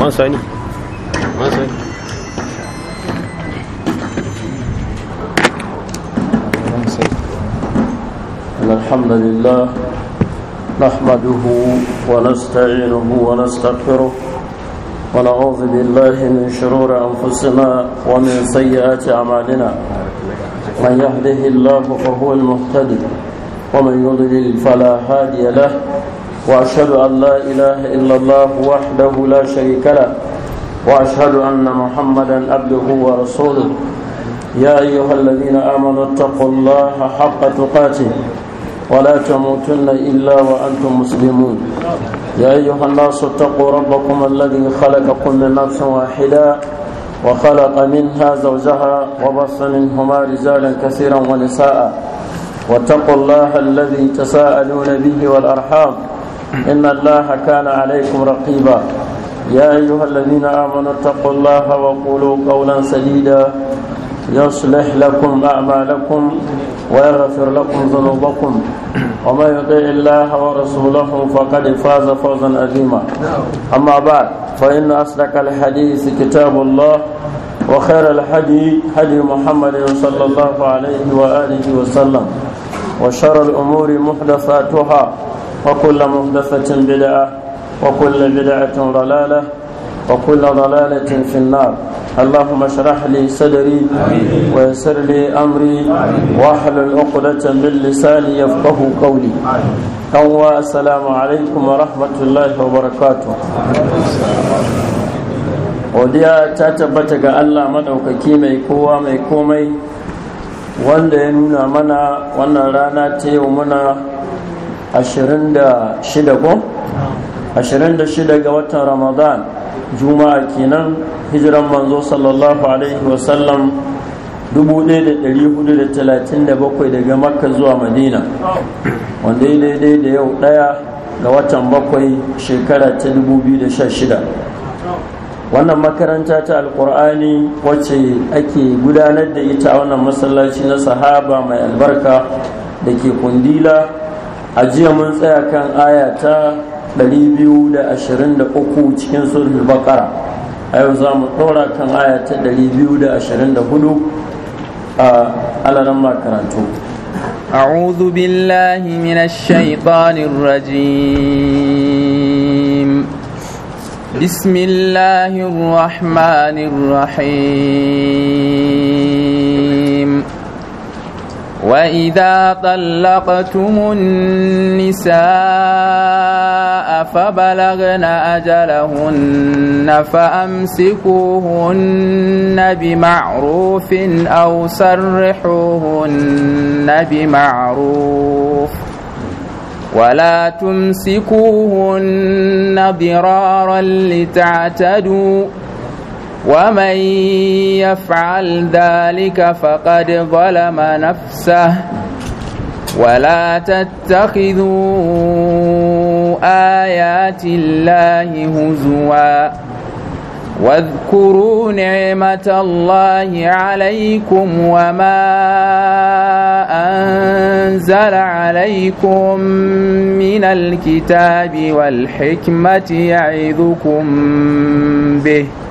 ما ثاني ما ثاني الحمد لله نحمده ونستعينه ونستغفره ونعوذ بالله من شرور أنفسنا ومن سيئات أعمالنا من يهده الله فهو المهتدي ومن يضلل فلا هادي له وأشهد أن لا إله إلا الله وحده لا شريك له وأشهد أن محمدا عبده ورسوله يا أيها الذين آمنوا اتقوا الله حق تقاته ولا تموتن إلا وأنتم مسلمون يا أيها الناس اتقوا ربكم الذي خلقكم من نفس واحدة وخلق منها زوجها وبص منهما رجالا كثيرا ونساء واتقوا الله الذي تساءلون به والأرحام إن الله كان عليكم رقيبا يا أيها الذين آمنوا اتقوا الله وقولوا قولا سديدا يصلح لكم أعمالكم ويغفر لكم ذنوبكم وما يطع الله ورسوله فقد فاز فوزا عظيما أما بعد فإن أصدق الحديث كتاب الله وخير الحدي حدي محمد صلى الله عليه وآله وسلم وشر الأمور محدثاتها وكل محدثة بدعة وكل بدعة ضلالة وكل ضلالة في النار اللهم اشرح لي صدري ويسر لي أمري واحلل عقدة من لساني يفقه قولي أو السلام عليكم ورحمة الله وبركاته godiya ta tabbata ga Allah maɗaukaki mai kowa mai komai wanda ya nuna mana wannan rana ta yau muna 26 ko shida ga watan ramadan juma'a kenan hijiran manzo sallallahu alaihi wasallam 1437 daga makka zuwa madina wanda ya daidai da yau daya ga watan bakwai shekara ta 2016 wannan makaranta ta alkur'ani wacce ake gudanar da ita a wannan masallaci na sahaba mai albarka da ke kundila a jiya mun tsaya kan aya ta 223 cikin suratul baqara a yau za mu ɗora kan aya ta 224 a alaran makarantu أعوذ بالله من الشيطان الرجيم بسم الله الرحمن الرحيم وإذا طلقتم النساء فبلغن أجلهن فأمسكوهن بمعروف أو سرحوهن بمعروف ولا تمسكوهن ضرارا لتعتدوا ومن يفعل ذلك فقد ظلم نفسه ولا تتخذوا آيات الله هزوا واذكروا نعمة الله عليكم وما أنزل عليكم من الكتاب والحكمة يعظكم به ۖ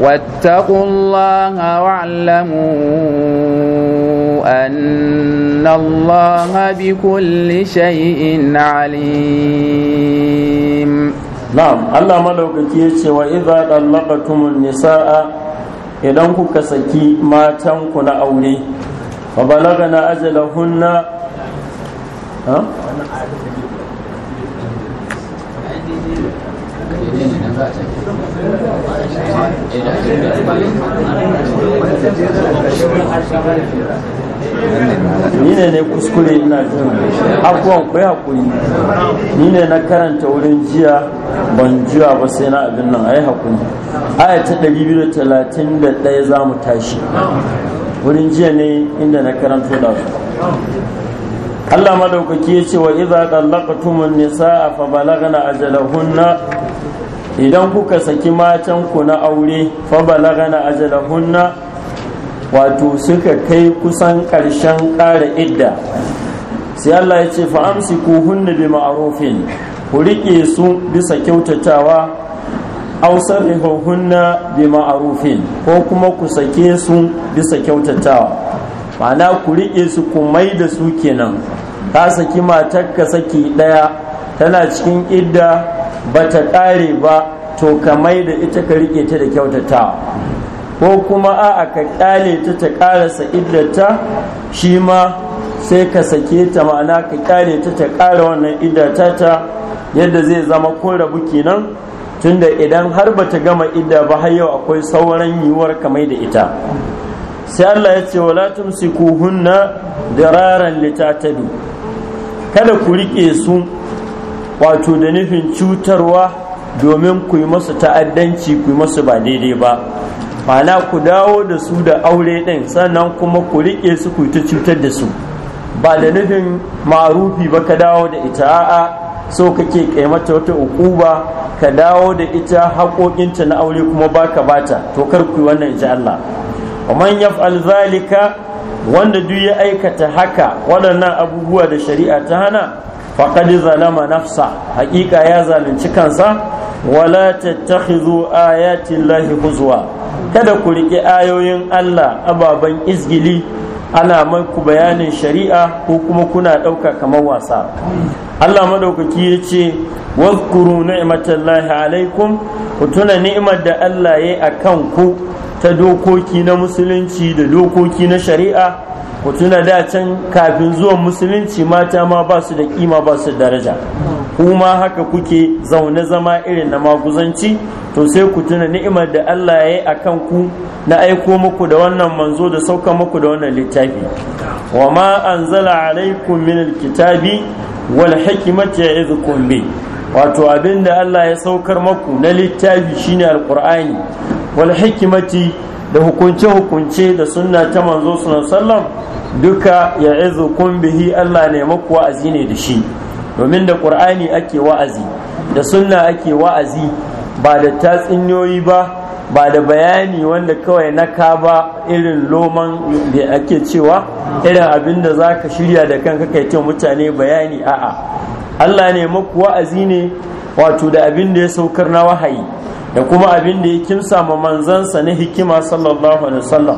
واتقوا الله واعلموا أن الله بكل شيء عليم نعم الله ملوك كيش وإذا طلقتم النساء إذا كسكي ما تنكن أولي وبلغنا أجلهن ها؟ ni ne ne kuskure ina jin abubuwan kwaya hakuri ni ne na karanta wurin jiya ban jiya ba sai na abin nan ai hakuri aya ta 231 za mu tashi wurin jiya ne inda na karanta da su Allah madaukaki ya ce wa idza dallaqtumun nisaa fa balagna ajalahunna idan kuka saki matan ku na aure fa balagana ajalahunna wato suka kai kusan ƙarshen ƙara idda sai Allah ya ce fa ku hunna bi ma'rufin ku riƙe su bisa kyautatawa ausar hunna bi ma'rufin ko kuma ku sake su bisa kyautatawa ma'ana ku riƙe su ku mai da su kenan ka saki matar ka saki ɗaya tana cikin idda ba ta ƙare ba to ka da ita ka rike ta da kyautata, ko kuma a'a ka ƙare ta ta ƙarasa iddata shi ma sai ka sake ta ma'ana ka ƙare ta ta ƙara wannan iddata ta yadda zai zama kun rabu kenan tunda idan har ba ta gama idda ba har yau akwai sauran yiwuwar ka da ita sai Allah ya ce kuhunna da raran litatadu kada ku rike su wato da nufin cutarwa domin ku yi masu ta'addanci ku yi masu ba daidai ba mana ku dawo da su da aure ɗin sannan kuma ku riƙe su ku ta cutar da su ba da nufin marufi ba ka dawo da ita a'a so kake kaimata wata ukuba ka dawo da ita haƙoƙinta na aure kuma baka bata to kar ku yi wannan insha Allah wa man yaf'al zalika wanda duk ya aikata haka waɗannan abubuwa da shari'a ta hana faƙad zalama nafsa haƙiƙa ya zalunci kansa wala tattakhidhu ayati llahi huzwa kada ku riƙe ayoyin Allah ababen izgili ana ku bayanin shari'a ko kuma kuna ɗauka kamar wasa Allah madaukaki ya ce wazkuru ni'matallahi alaikum ku tuna ni'imar da Allah ya yi a kan ku ta dokoki na musulunci da dokoki na shari'a ku tuna da can kafin zuwan musulunci mata ma ba su da kima ba su da daraja kuma haka kuke zaune zama irin na maguzanci to sai ku tuna ni'imar da Allah ya yi a kan ku na aiko muku da wannan manzo da sauka muku da wannan littafi wa ma anzala alaikum min alkitabi wal hikmati ya'idhukum bi wato abinda Allah ya saukar maku na littafi shine alqur'ani wal hikmati da hukunce hukunce da sunna ta manzo sallallahu alaihi duka ya izu kun bihi Allah ne maku wa'azi ne da shi domin da ƙur'ani ake wa'azi da sunna ake wa'azi ba da tatsuniyoyi ba ba da bayani wanda kawai na ka ba irin loman da ake cewa irin abin da za ka shirya da kanka kai ce mutane bayani a'a Allah ne maku wa'azi ne wato da abin da ya saukar na wahayi da kuma abin da ya kimsa ma manzansa na hikima sallallahu alaihi wasallam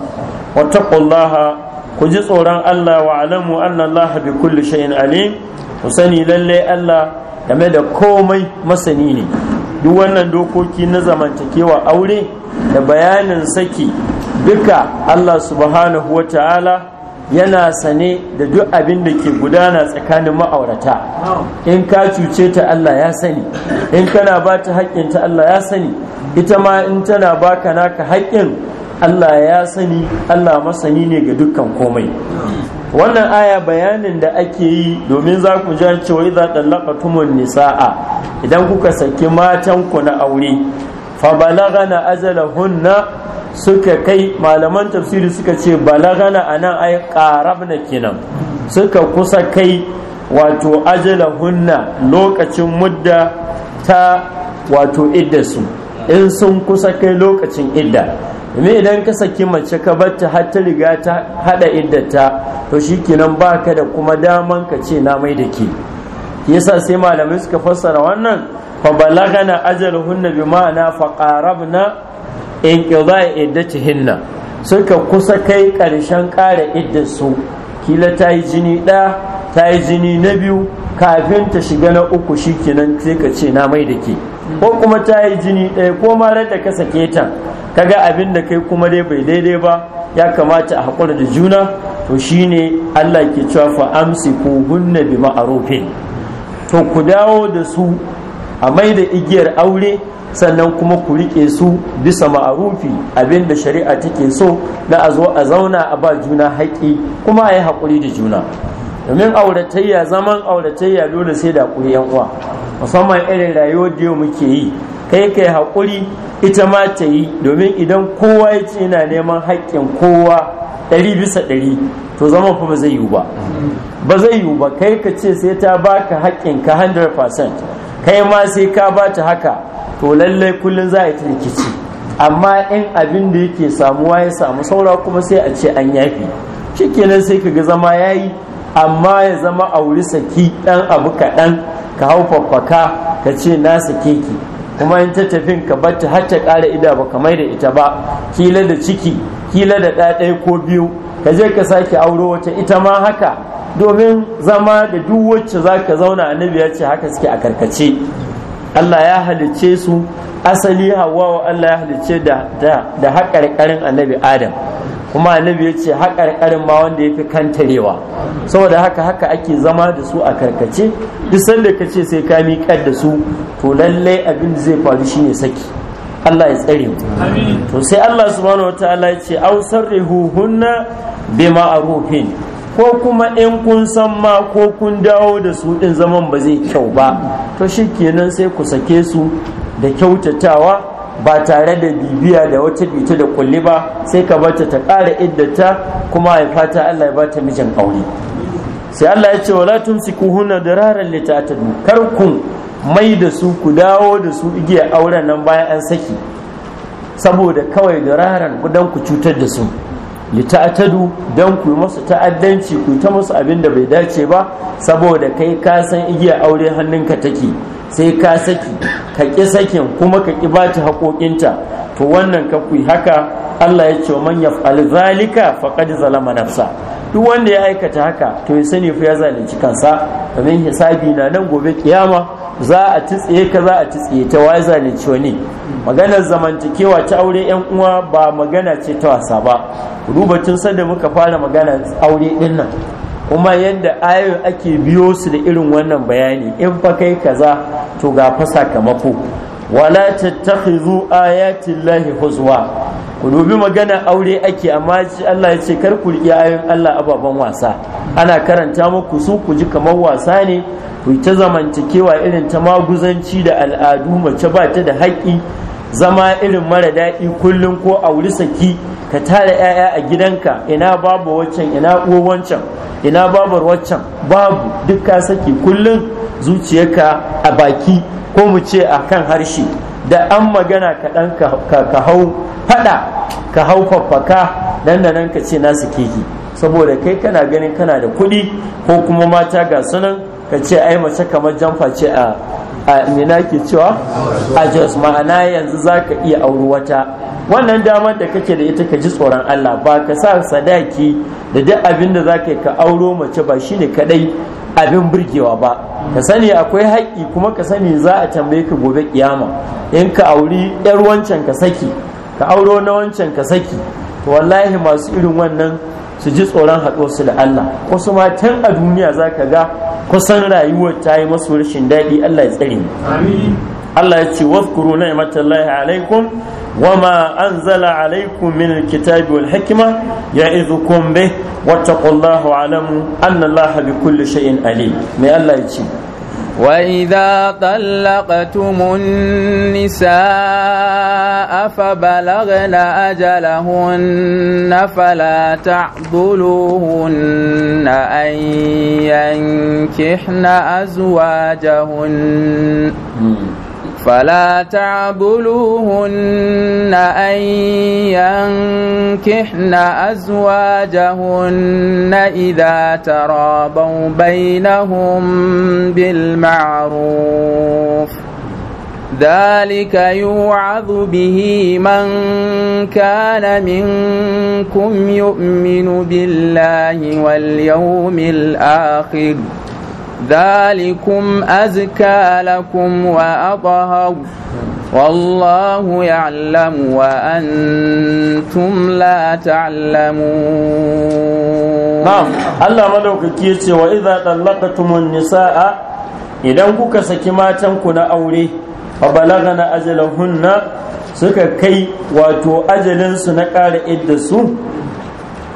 wa taqullaha ku ji tsoron Allah wa alamu anna Allah bi kulli shay'in alim ku sani lalle Allah game da komai masani ne duk wannan dokoki na zamantakewa aure da bayanin saki duka Allah subhanahu wa ta'ala yana sane da duk abin da ke gudana tsakanin ma'aurata in ka cuce ta Allah ya sani in kana ba ta haƙƙinta Allah ya sani ita ma in tana baka naka haƙƙin Allah ya sani Allah masani ne ga dukkan komai wannan aya bayanin da ake yi domin za ku ja cewa idza dallaqatumun nisaa idan kuka saki matan ku na aure fa balagana ajalahunna suka kai malaman tafsiri suka ce balagana anan ay qarabna kenan suka kusa kai wato ajalahunna lokacin mudda ta wato iddasu in sun kusa kai lokacin idda me idan ka saki mace ka batta har ta riga ta hada iddata to shikenan baka da kuma daman ka ce na mai da ke yasa sai malamai suka fassara wannan fa balagana ajaluhunna bi ma'ana fa qarabna inqida'i iddatihinna suka kusa kai karshen kare iddar su kila ta yi jini ɗaya ta yi jini na biyu kafin ta shiga na uku shikenan sai ka ce na mai da ke ko kuma ta yi jini ɗaya ko ma da ka sake ta kaga abin da kai kuma dai bai daidai ba ya kamata a haƙura da juna to shine Allah ke cewa fa amsi ko hunna bi ma'arufin to ku dawo da su a mai da igiyar aure sannan kuma ku riƙe su bisa ma'rufi abin da shari'a take so na a zo a zauna a ba juna haƙi kuma a yi haƙuri da juna domin auratayya zaman auratayya dole sai da haƙuri yan uwa musamman irin rayuwar da yau muke yi kai kai haƙuri ita ma ta yi domin idan kowa ya ce yana neman haƙƙin kowa ɗari bisa ɗari to zama fa ba zai yiwu ba ba zai yiwu ba kai ka ce sai ta baka haƙƙin ka 100% kai ma sai ka bata haka to lallai kullum za a yi ta rikici amma in abin da yake samuwa ya samu saura kuma sai a ce an yafi shikenan sai ka ga zama yayi amma ya zama a wuri saki ɗan abu kaɗan ka hau faffaka ka ce na sake ki kuma in ta tafin ka batta har ta ƙara ida ba ka mai da ita ba kila da ciki kila da ɗaya ko biyu ka je ka sake auro wata ita ma haka domin zama da duk wacce za ka zauna annabi ya ce haka suke a karkace Allah ya halicce su asali hawa Allah ya halicce da da haƙarƙarin annabi Adam kuma annabi ya ce haƙarƙarin ma wanda ya fi kantarewa saboda haka haka ake zama da su a karkace duk sanda ka ce sai ka miƙar da su to lallai abin da zai faru shine saki Allah ya tsare mu to sai Allah subhanahu wataala ya ce aw sarrihuhunna bima'rufin ko kuma in kun san ma ko kun dawo da su din zaman ba zai kyau ba to shikenan sai ku sake su da kyautatawa ba tare da bibiya da wata bita da kulli ba sai ka bata ta ƙara iddata kuma ya fata Allah ya bata mijin aure sai Allah ya ce wa la tumsiku hunna dararan li ta'tadu kar ku mai da su ku dawo da su igiya auren nan bayan an saki saboda kawai dararan ku dan ku cutar da su li ta'tadu dan ku musu ta'addanci ku ta musu abin da bai dace ba saboda kai ka san igiya aure hannunka take sai ka saki ka ƙi sakin kuma ka ƙi bata haƙoƙinta to wannan ka kui haka Allah ya ce wa man alzalika zalika faqad zalama nafsa duk wanda ya aikata haka to ya sani fa ya zalunci kansa domin hisabi na nan gobe kiyama za a titsiye ka za a titsiye ta wa zalunci wani maganar zamantakewa ta aure yan uwa ba magana ce ta wasa ba duba tun sanda muka fara magana aure din nan kuma yadda ayoyin ake biyo su da irin wannan bayani in fa kai kaza to ga fa sakamako wala tattakhizu ayati llahi huzwa ku dubi magana aure ake amma Allah ya ce kar ku riƙe ayoyin Allah ababen wasa ana karanta muku su ku ji kamar wasa ne ku ta zamantakewa irin ta maguzanci da al'adu mace ba ta da haƙƙi zama irin mara daɗi kullum ko a wuri saki ka tara 'ya'ya a gidanka ina babu waccan ina uwa wancan ina babar waccan babu duk ka saki kullum zuciyarka a baki ko mu ce a kan harshe da an magana kaɗan ka hau faɗa ka hau faffaka nan da nan ka ce na sake saboda kai kana ganin kana da kuɗi ko kuma mata ga sunan ka ce ai mace kamar jamfa ce a a mina ke cewa a jos ma'ana yanzu za ka iya auri wata wannan damar da kake da ita ka ji tsoron Allah ba ka sa sadaki da duk abin da za ka ka auro mace ba shine kadai abin burgewa ba ka sani akwai haƙƙi kuma ka sani za a tambaye ka gobe kiyama in ka auri yar wancan ka saki ka auro na wancan ka saki to wallahi masu irin wannan su ji tsoron haɗo su da Allah wasu matan a duniya za ka ga kusan rayuwar ta yi masu rashin daɗi Allah ya tsare mu Allah ya ce wazkuru ni'matallahi alaikum wama anzala alaikum min alkitabi wal hikma ya'idhukum bih wattaqullaha wa alamu anna Allaha bikulli shay'in alim me Allah ya ce وإذا طلقتم النساء فبلغن أجلهن فلا تعضلوهن أن ينكحن أزواجهن فلا تعبلوهن أن ينكحن أزواجهن إذا ترابوا بينهم بالمعروف ذلك يوعظ به من كان منكم يؤمن بالله واليوم الآخر ذلكم أزكى لكم وأطهر والله يعلم وأنتم لا تعلمون نعم الله ملوك كيتي وإذا طلقتم النساء idan kuka saki matanku na aure a balagana ajalahunna suka kai wato ajalinsu na ƙara idda su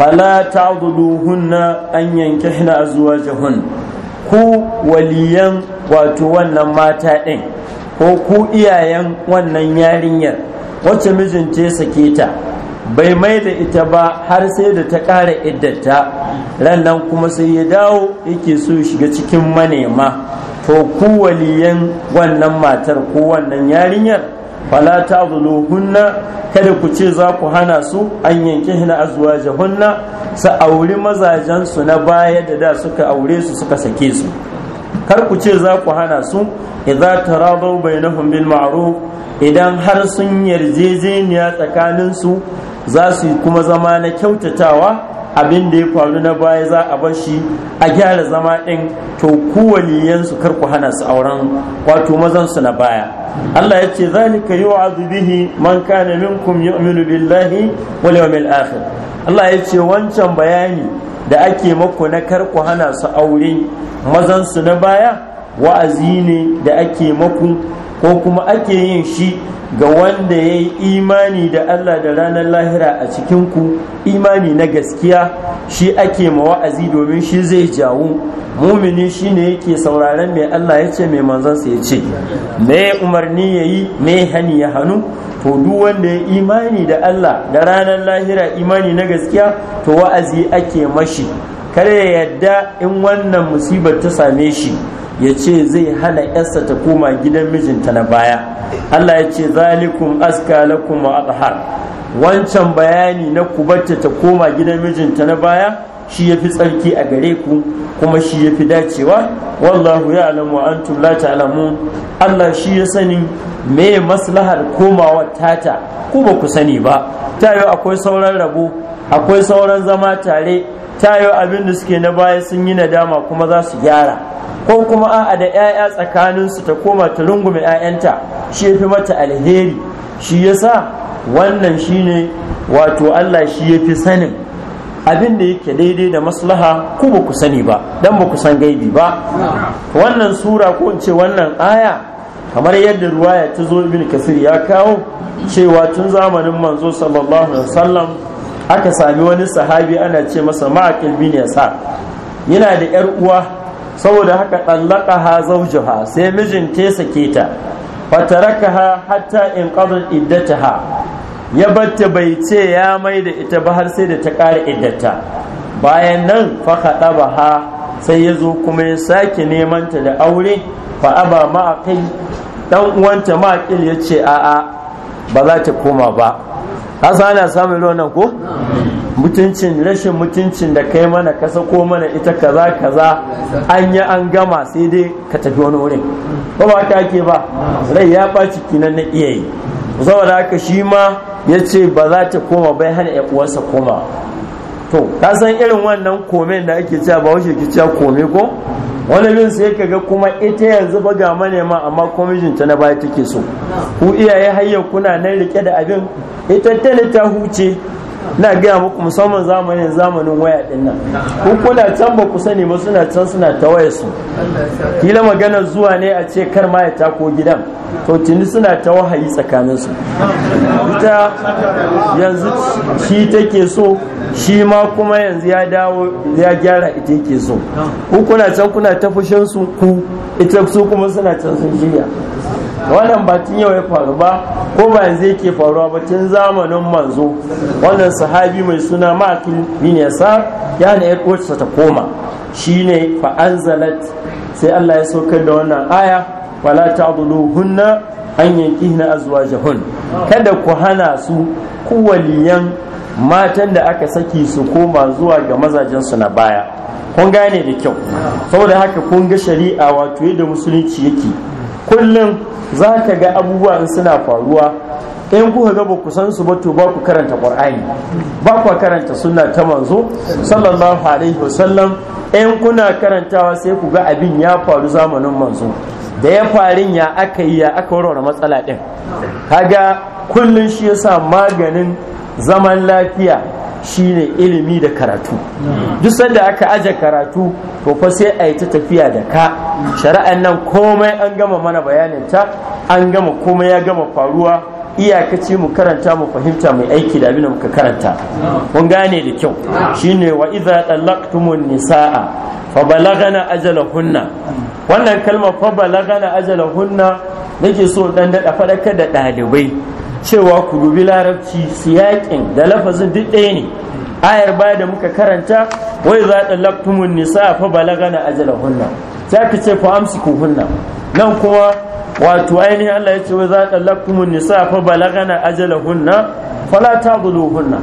fala ta'duluhunna an zuwa azwajahunna ku waliyan wato wannan mata ɗin ko ku iyayen wannan yarinyar wacce mijinta ya sake ta bai mai da ita ba har sai da ta ƙara iddata rannan kuma sai ya dawo yake so shiga cikin manema to ku waliyan wannan matar ko wannan yarinyar fala ta hunna kada ku ce za ku hana su an yanke hina azwaja hunna su auri mazajensu na baya da da suka aure su suka sake su kar ku ce za ku hana su idza taradaw bainahum bil ma'ruf idan har sun yarjejeniya tsakaninsu su za su kuma zama na kyautatawa abin da ya faru na baya za a bar shi a gyara zama ɗin to yansu kar ku hana su auren wato su na baya Allah ya ce zalika yu'adhu bihi man kana minkum yu'minu billahi wal yawmil akhir Allah ya ce wancan bayani da ake maku na kar ku hana su aure su na baya wa'azi ne da ake maku ko kuma ake yin shi ga wanda ya yi imani da Allah da ranar lahira a cikinku imani na gaskiya shi ake ma wa'azi domin shi zai jawo mumini shi ne yake sauraron mai Allah ya ce mai manzansa ya ce me umarni ya yi me hani ya hannu to duk wanda ya imani da Allah da ranar lahira imani na gaskiya to wa'azi ake mashi kare ya yadda in wannan musibar ta same shi ya ce zai hana yarsa ta koma gidan mijinta na baya Allah ya ce zalikum aska lakum wa adhar wancan bayani na kubarta ta koma gidan mijinta na baya shi ya fi tsarki a gare ku kuma shi ya fi dacewa wallahu ya alamu wa antum la ta'lamu Allah shi ya sani me maslahar komawa tata ku ba ku sani ba ta akwai sauran rabo akwai sauran zama tare ta yau abin da suke na baya sun yi nadama kuma za su gyara ko kuma a'a da 'ya'ya tsakaninsu ta koma ta rungume 'ya'yanta shi ya fi mata alheri shi ya sa wannan shi ne wato Allah shi ya fi sanin abin da yake daidai da maslaha ku ba ku sani ba dan ba ku san gaibi ba wannan sura ko in ce wannan aya kamar yadda ruwaya ta zo ibn kasir ya kawo cewa tun zamanin manzo sallallahu alaihi wasallam aka sami wani sahabi ana ce masa ma'akil bin yasa yana da yar uwa saboda haka ha zawjaha sai mijin ta sake ta tarakaha hatta in inqadat iddataha ya batta bai ce ya mai da ita ba har sai da ta ƙara iddata bayan nan fa ha sai ya zo kuma ya sake neman ta da aure fa aba ma'akil dan uwanta ma'akil ya ce a'a ba za ta koma ba kasa ana samun nan ko mutuncin rashin mutuncin da kai mana ka sako mana ita kaza kaza an yi an gama sai dai ka tafi wani wurin ba ba haka ake ba rai ya ɓaci kinan na iyaye saboda haka shi ma ya ce ba za ta koma bai hana ya uwarsa koma to ka san irin wannan komen da ake cewa ba wuce ke cewa kome ko wani bin sai ka ga kuma ita yanzu ba ga manema amma kwamishin ta na baya take so ku iyaye hayyar kuna nan rike da abin ita ta ta huce na gaya muku musamman zamanin zamanin waya din nan kuna can ba ku sani ba suna can suna ta waya su kila magana zuwa ne a ce kar ma ya tako gidan to tuni suna ta wahayi tsakanin su ita yanzu shi take so shi ma kuma yanzu ya dawo ya gyara ita yake so ku kuna can kuna ta fushin su ku ita su kuma suna can sun shirya wannan ba tun yau ya faru ba ko ba yanzu yake faruwa ba tun zamanin manzo wannan sahabi mai suna ma'akil minyasa ya na yar uwarsa ta koma shine ne anzalat sai Allah ya saukar da wannan aya wala hunna an yanki azuwa jihun kada ku hana su ku matan da aka saki su koma zuwa ga mazajensu na baya kun gane da kyau saboda haka kun ga shari'a wato yadda musulunci yake kullum za ka ga abubuwan suna faruwa in kuka ga ku san su ba to ba ku karanta qur'ani ba ku karanta sunna ta manzo sallallahu alaihi wasallam in kuna karantawa sai ku ga abin ya faru zamanin manzo da ya farin ya aka yi ya aka warware matsala din kaga kullun shi yasa maganin zaman lafiya shine ilimi da karatu duk sanda aka aje karatu to fa sai a yi ta tafiya da ka shari'an nan komai an gama mana bayanin ta an gama komai ya gama faruwa iyakaci mu karanta mu fahimta mai aiki da abin da muka karanta mun gane da kyau shine wa idza talaqtumun nisaa fa balagana ajalahunna wannan kalmar fa balagana ajalahunna nake so dan da fadakar da dalibai cewa ku dubi larabci siyakin da lafazin duk ɗaya ne ayar baya da muka karanta wai za ta laktumun nisa fa balagana hunna za ka ce fa ku hunna nan kuma wato ainihin Allah ya ce wai za ta laktumun nisa fa balagana hunna fala ta hunna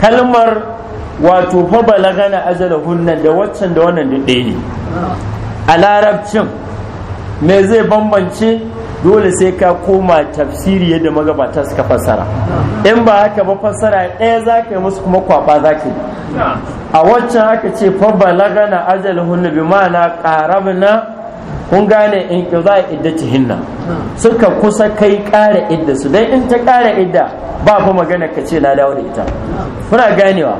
kalmar wato fa balagana hunna da waccan da wannan duk ɗaya ne a larabcin me zai bambance dole sai ka koma tafsiri yadda magabata suka fassara in ba haka ba fassara ɗaya za ka yi musu kuma kwaba za ka yi a waccan aka ce fa na ajal hunna bi ma'ana qarabna kun gane in za idda hinna suka kusa kai ƙara idda su dan in ta ƙara idda ba fa magana ka ce na dawo da ita kuna ganewa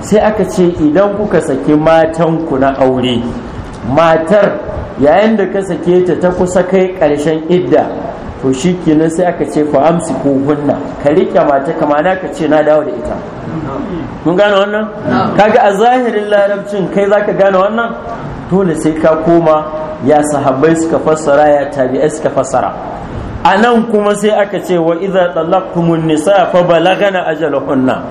sai aka ce idan kuka saki matan ku na aure matar yayin da ka sake ta ta kusa kai ƙarshen idda to shi kenan sai aka ce fa amsi ko hunna ka riƙe mata kama na ka ce na dawo da ita mun gane wannan kaga a zahirin larabcin kai zaka gane wannan dole sai ka koma ya sahabbai suka fassara ya tabi'ai suka fassara a nan kuma sai aka ce wa idza talaqtumun nisa fa balagana ajalahunna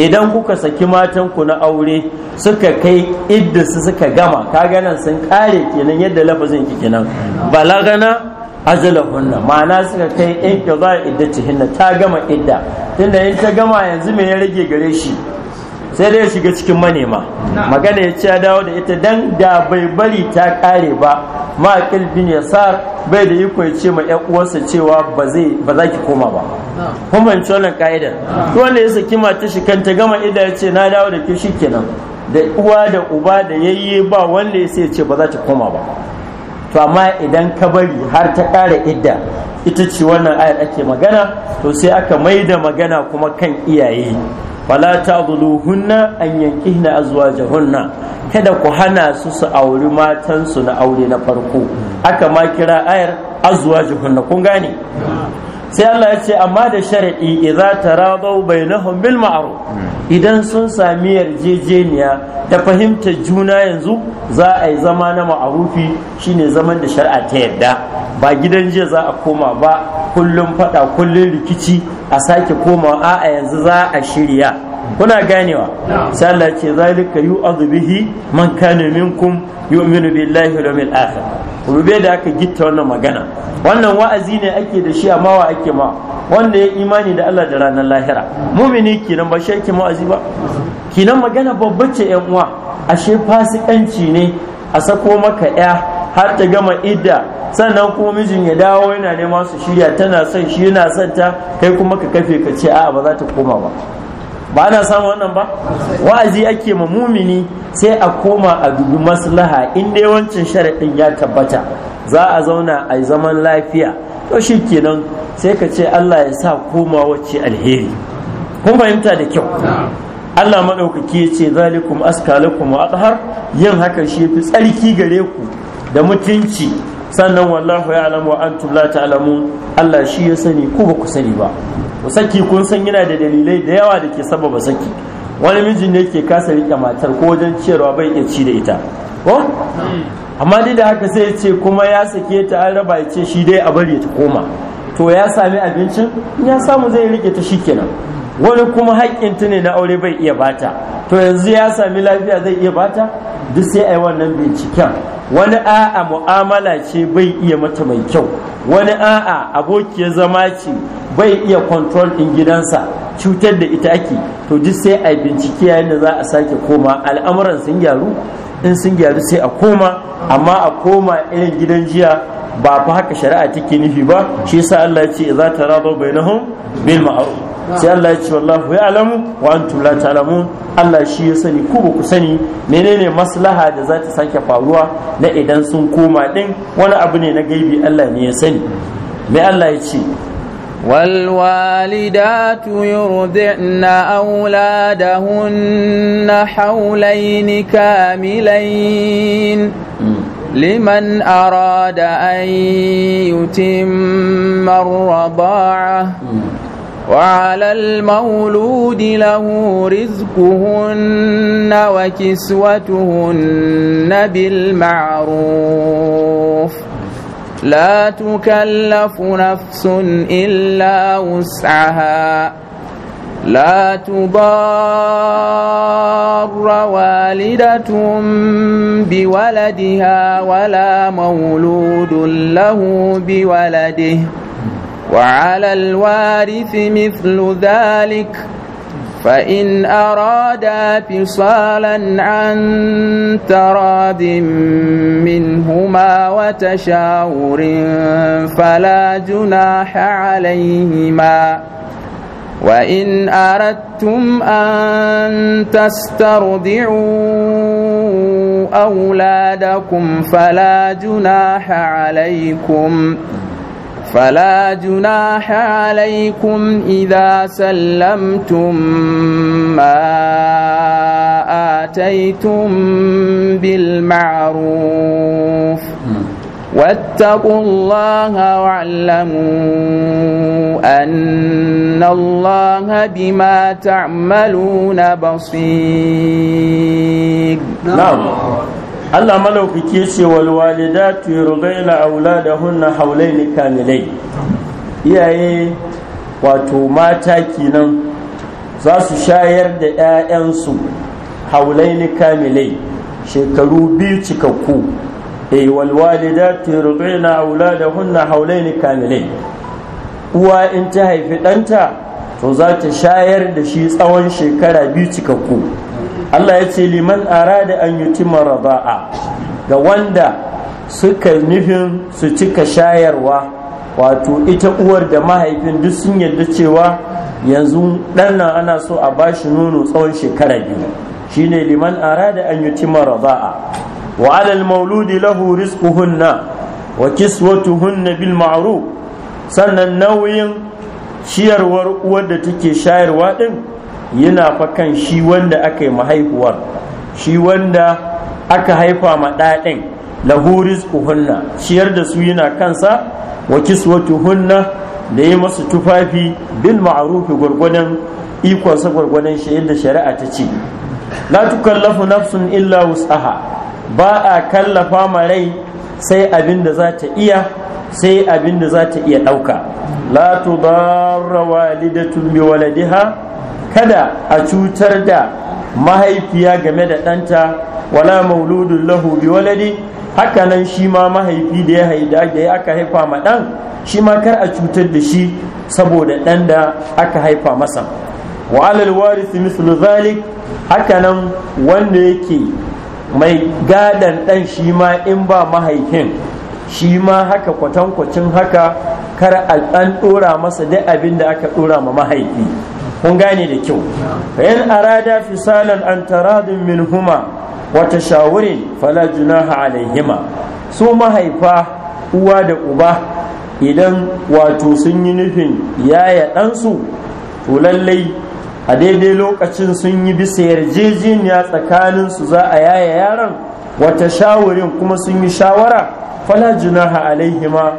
idan kuka saki matan ku na aure suka kai iddisu suka gama kaga nan sun kare kenan yadda lafazin ki kenan balagana azlahunna ma'ana suka kai in ki za idda ta gama idda tunda in ta gama yanzu me ya rage gare shi sai dai shiga cikin manema magana ya ce ya dawo da ita dan da bai bari ta kare ba ma'aqil ya sa bai da iko ya ce ma ƴan uwarsa cewa ba zai ba za ki koma ba kun ci wannan ka'idar to wanda ya saki mata shi kanta gama ida ya ce na dawo da ke shikenan da uwa da uba da yayye ba wanda ya sai ya ce ba za ta koma ba to amma idan ka bari har ta ƙara idda ita ce wannan ayar ake magana to sai aka mai da magana kuma kan iyaye wala ta hunna an yanki azuwa hunna, kada ku hana su su auri matansu na aure na farko aka ma kira ayar azuwa jahunna kun gane sai Allah ya ce amma da shari'i idza taradaw bainahum bil ma'ruf idan sun sami yarjejeniya da fahimtar juna yanzu za a yi zama na ma'arufi shine zaman da shari'a ta yadda. ba gidan jiya za a koma ba kullum fada kullum rikici a sake koma a a yanzu za a shirya kuna ganewa sai Allah ce zalika yu'adhu bihi man kana minkum yu'minu billahi wal akhir rube da aka gita wannan magana wannan wa'azi ne ake da shi a mawa ake ma wanda ya imani da Allah da ranar lahira mumini kinan ba shi ake wa'azi ba kinan magana babba ce yan uwa ashe fasikanci ne a sako maka ya har ta gama idda sannan kuma mijin ya dawo yana neman su shirya tana son shi yana son ta kai kuma ka kafe ka ce a'a ba za ta koma ba ba ana samun wannan ba wa'azi ake ma mumini sai a koma a dubi maslaha in dai wancan sharaɗin ya tabbata za a zauna a zaman lafiya to shi kenan sai ka ce Allah ya sa koma wacce alheri kun fahimta da kyau Allah maɗaukaki ya ce zalikum askalakum wa adhar yin haka shi fi tsarki gare ku da mutunci sannan wallahu ya alamu tula la alamu Allah shi ya sani ko ba ku sani ba ku saki kun san yana da dalilai da yawa da ke sababa saki wani mijin ne ke kasa rike matar ko wajen ciyarwa bai iya ci da ita ko amma dai da haka sai ya ce kuma ya sake ta an raba ya ce shi dai a bari ta koma to ya sami abincin ya samu zai rike ta shikenan wani kuma haƙƙin ne na aure bai iya bata to yanzu ya sami lafiya zai iya bata duk sai a yi wannan binciken wani a'a mu'amala ce bai iya mata mai kyau wani a'a abokiyar zama ce bai iya kontrol ɗin gidansa cutar da ita ake to duk sai a bincike yayin da za a sake koma al'amuran sun gyaru in sun gyaru sai a koma amma a koma irin gidan jiya ba fa haka shari'a take nufi ba shi yasa Allah ya ce za ta raba bainahum bil ma'ruf sai Allah ya ce wallahu ya alamu wa antum la ta'lamun Allah shi ya sani ku ba ku sani menene maslaha da za ta sake faruwa na idan sun koma din wani abu ne na gaibi Allah ne ya sani mai Allah ya ce والوالدات يرضعن أولادهن حولين كاملين لمن أراد أن يتم الرضاعة وعلى المولود له رزقهن وكسوتهن بالمعروف لا تكلف نفس إلا وسعها لا تضار والدة بولدها ولا مولود له بولده وعلى الوارث مثل ذلك فإن أرادا فصالا عن تراد منهما وتشاور فلا جناح عليهما وإن أردتم أن تسترضعوا أولادكم فلا جناح عليكم فلا جناح عليكم إذا سلمتم ما آتيتم بالمعروف واتقوا الله واعلموا أن الله بما تعملون بصير نعم Allah malaukake ce wal da hunna haulai ni kamilai iyaye wato mata kinan za su shayar da 'ya'yansu haulai ni kamilai shekaru biyu cikakku e wal da hunna haulai ni kamilai uwa in ta haifi ɗanta to za ta shayar da shi tsawon shekara biyu cikakku Allah ya ce liman arada an yutimma raba'a ga wanda suka nufin su cika shayarwa wato ita uwar da mahaifin duk sun yarda cewa yanzu ɗan ana so a ba shi nono tsawon shekara biyu shine liman arada an yutimma raba'a wa alal mauludi lahu rizquhunna wa kiswatuhunna bil ma'ruf sannan nauyin ciyarwar uwar da take shayarwa din yana fa kan shi wanda aka yi mahaifuwar shi wanda aka haifa ma ɗaɗin lahuris hunna ciyar da su yana kansa wa kiswatu hunna da yi masu tufafi bin ma'arufi gwargwadon ikonsa gwargwadon shi da shari'a ta ce la tukallafu nafsun illa wus'aha ba a kallafa ma rai sai abin da za ta iya sai abin da za ta iya ɗauka la tudarra walidatun bi waladiha kada a cutar da mahaifiya game da ɗanta wala mauludun lahu bi waladi haka nan shi ma mahaifi da ya haida da ya aka haifa ma ɗan shi ma kar a cutar da shi saboda ɗan da aka haifa masa wa alal warith mislu zalik haka nan wanda yake mai gadan ɗan shi ma in ba mahaifin shi ma haka kwatankwacin haka kar a ɗan ɗora masa duk abin da aka ɗora ma mahaifi kun gane da kyau in arada fisalan an taradun min huma wata shawurin fala junaha alaihima su mahaifa uwa da uba idan wato sun yi nufin yaya ɗansu to lallai a daidai lokacin sun yi bisa yarjejeniya tsakaninsu za a yaya yaran wata shawurin kuma sun yi shawara fala junaha alaihima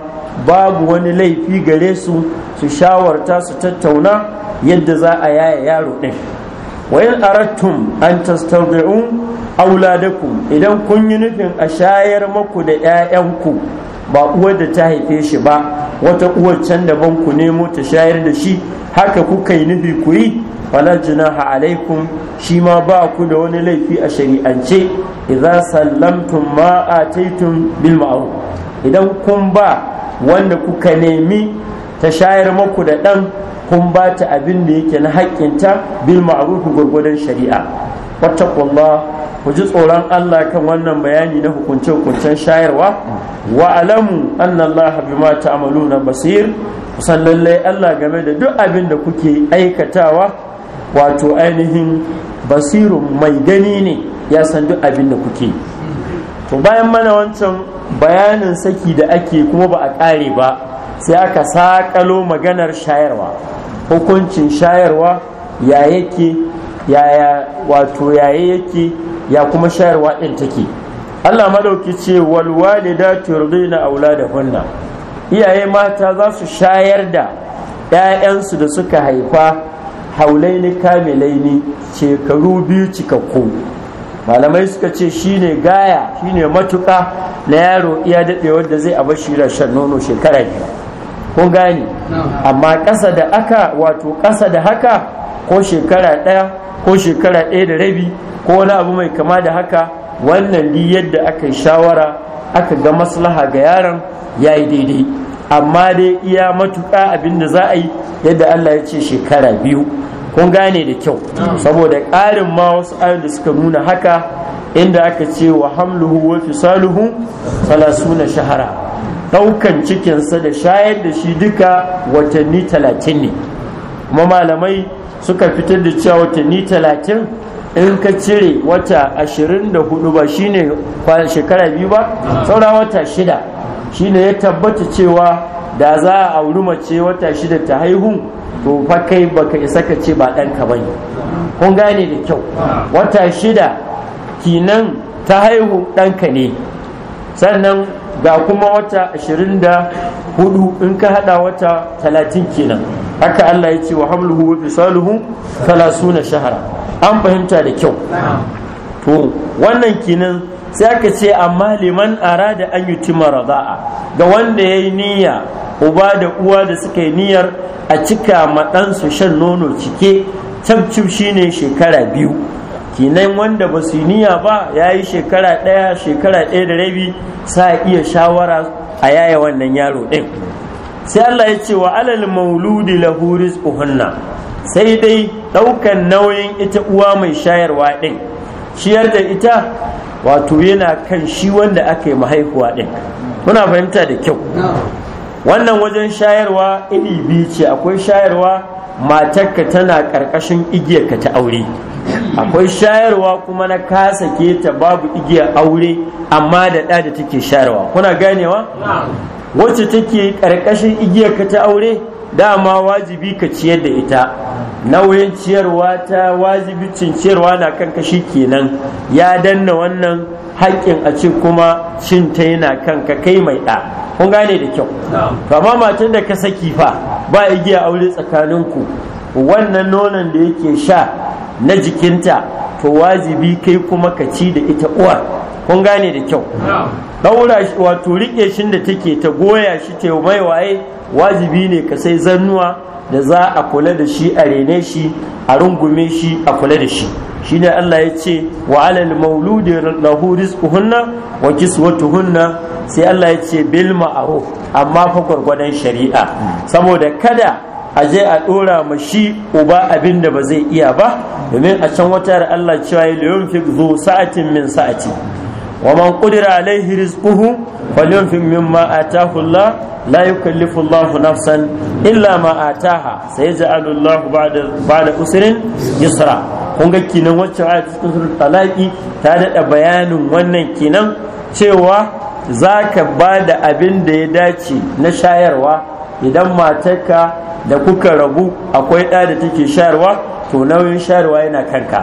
babu wani laifi gare su su shawarta su tattauna yadda za a yaya yaro ɗin wayan arattum an tastardi'un auladakum idan kun yi nufin a shayar maku da 'ya'yanku ba uwar da ta haife shi ba wata uwar can da banku nemo ta shayar da shi haka kuka yi nufi ku yi fala junaha alaikum shi ma ba ku da wani laifi a shari'ance idan sallamtum ma ataitum bil ma'ruf idan kun ba wanda kuka nemi ta shayar maku da ɗan kun ba ta abin da yake na haƙƙinta bil ma'ruf gurgudan shari'a wattaqullah ku ji tsoron Allah kan wannan bayani na hukunce hukuncen shayarwa wa alamu anna Allah bima ta'maluna basir kusan lallai Allah game da duk abin da kuke aikatawa wato ainihin basirun mai gani ne ya san duk abin da kuke to bayan mana wancan bayanin saki da ake kuma ba a ƙare ba sai aka saƙalo maganar shayarwa hukuncin shayarwa ya yake yaya wato ya yake ya kuma shayarwa ɗin take Allah madauki ce walwalida turdina kunna. iyaye mata za su shayar da 'ya'yansu da suka haifa haulaini kamilaini shekaru biyu cikakku malamai suka ce shine gaya shine matuka na yaro iya daɗewar da zai a bashira shan nono shekara biyu kun gane amma ƙasa da aka wato ƙasa da haka ko shekara ɗaya ko shekara ɗaya da rabi ko wani abu mai kama da haka wannan ni yadda aka yi shawara aka ga maslaha ga yaron ya yi daidai amma dai iya matuƙa abin da za a yi yadda Allah ya ce shekara biyu kun gane da kyau saboda ƙarin ma wasu ayoyin da suka nuna haka inda aka ce wa hamluhu wa fisaluhu salasuna shahara ɗaukan cikinsa da shayar da shi duka watanni talatin ne kuma malamai suka fitar da cewa watanni talatin in ka cire wata ashirin da hudu ba shine shekara biyu ba saura wata shida shine ya tabbata cewa da za a auri mace wata shida ta haihu to fa kai baka isa ka ce ba ɗanka ba ne kun gane da kyau wata shida kinan ta haihu ɗanka ne sannan ga kuma wata 24 in ka hada wata 30 kenan haka Allah ya ce wa hamluhu wa fisaluhu 30 shahara an fahimta da kyau to wannan kenan sai aka ce amma liman arada an yutima raza'a ga wanda ya yi niyya uba da uwa da suka yi niyyar a cika maɗansu shan nono cike cab shine shekara biyu kinan wanda ba su niyya ba ya yi shekara ɗaya shekara ɗaya da rabi sa iya shawara a yaya wannan yaro ɗin sai Allah ya ce wa alal mauludi lahuris uhunna. sai dai ɗaukan nauyin ita uwa mai shayarwa ɗin ciyar da ita wato yana kan shi wanda aka yi mahaifuwa ɗin muna fahimta da kyau wannan wajen shayarwa iri biyu ce akwai shayarwa matarka tana karkashin igiyarka ta aure akwai shayarwa kuma na kasa ke ta babu igiyar aure amma da ɗa da take shayarwa kuna ganewa wacce take karkashin igiyarka ta aure dama wajibi ka ciyar da ita nauyin ciyarwa ta wajibicin ciyarwa na kan shi kenan ya danna wannan haƙƙin a ce kuma cin ta yana kanka kai mai ɗa kun gane da kyau to amma matan da ka saki fa ba igiya aure tsakanin ku wannan nonon da yake sha na jikinta to wajibi kai kuma ka ci da ita uwar kun gane da kyau daura wato rike shi da take ta goya shi ta mai waye wajibi ne ka sai zannuwa da za a kula da shi a rene shi a rungume shi a kula da shi shi ne Allah ya ce wa alal mauludi lahu rizquhunna wa kiswatuhunna sai Allah ya ce bil ma'ruf amma fa gwargwadon shari'a saboda kada a je a ɗora ma shi uba abin da ba zai iya ba domin a can wata Allah cewa ya liyun fi zu sa'atin min sa'ati ومن قدر عليه رزقه فلينفق مما آتاه الله لا يكلف الله نفسا إلا ما آتاها سيجعل الله بعد بعد أسر يسرا kun ga kinan wacce a cikin surat talaki ta daɗa bayanin wannan kinan cewa za ka ba da abin da ya dace na shayarwa idan matarka da kuka rabu akwai ɗa da take shayarwa to nauyin shayarwa yana kanka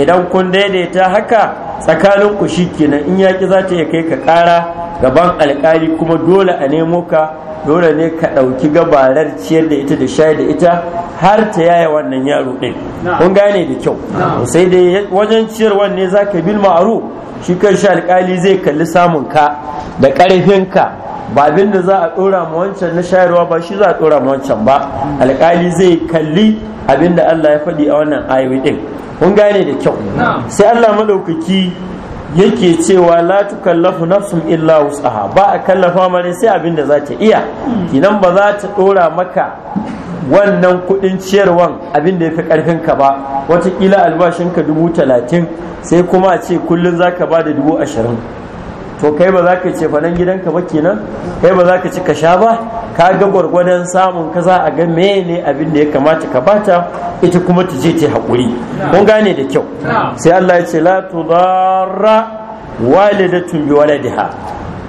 idan kun daidaita haka tsakanin ku kenan in yaƙi za ta iya kai ka ƙara gaban alƙali kuma dole a nemo ka dole ne ka ɗauki gabarar ciyar da ita da shayar da ita har ta yaya wannan yaro ɗin kun gane da kyau sai dai wajen ciyarwan ne za ka bil ma'aru shi kan shi alƙali zai kalli samun ka da ƙarfin ka ba abin da za a dora ma wancan na shayarwa ba shi za a ɗora ma wancan ba alƙali zai kalli abin da Allah ya faɗi a wannan ayoyi ɗin kun gane da kyau sai Allah maɗaukaki yake cewa la tukallafu nafsun illa wus'aha ba a kallafa mare sai abin da za ta iya kinan ba za ta ɗora maka wannan kuɗin ciyarwan abin da ya fi karfin ka ba watakila albashinka dubu talatin sai kuma a ce kullum za ka ba da dubu ashirin to kai ba za ka ce fanan gidanka ba kenan kai ba za ka ci ka sha ba ka ga gwargwadon samun ka a ga mene abin da ya kamata ka bata ita kuma ta je ta haƙuri kun gane da kyau sai Allah ya ce la tudarra walidatun bi waladiha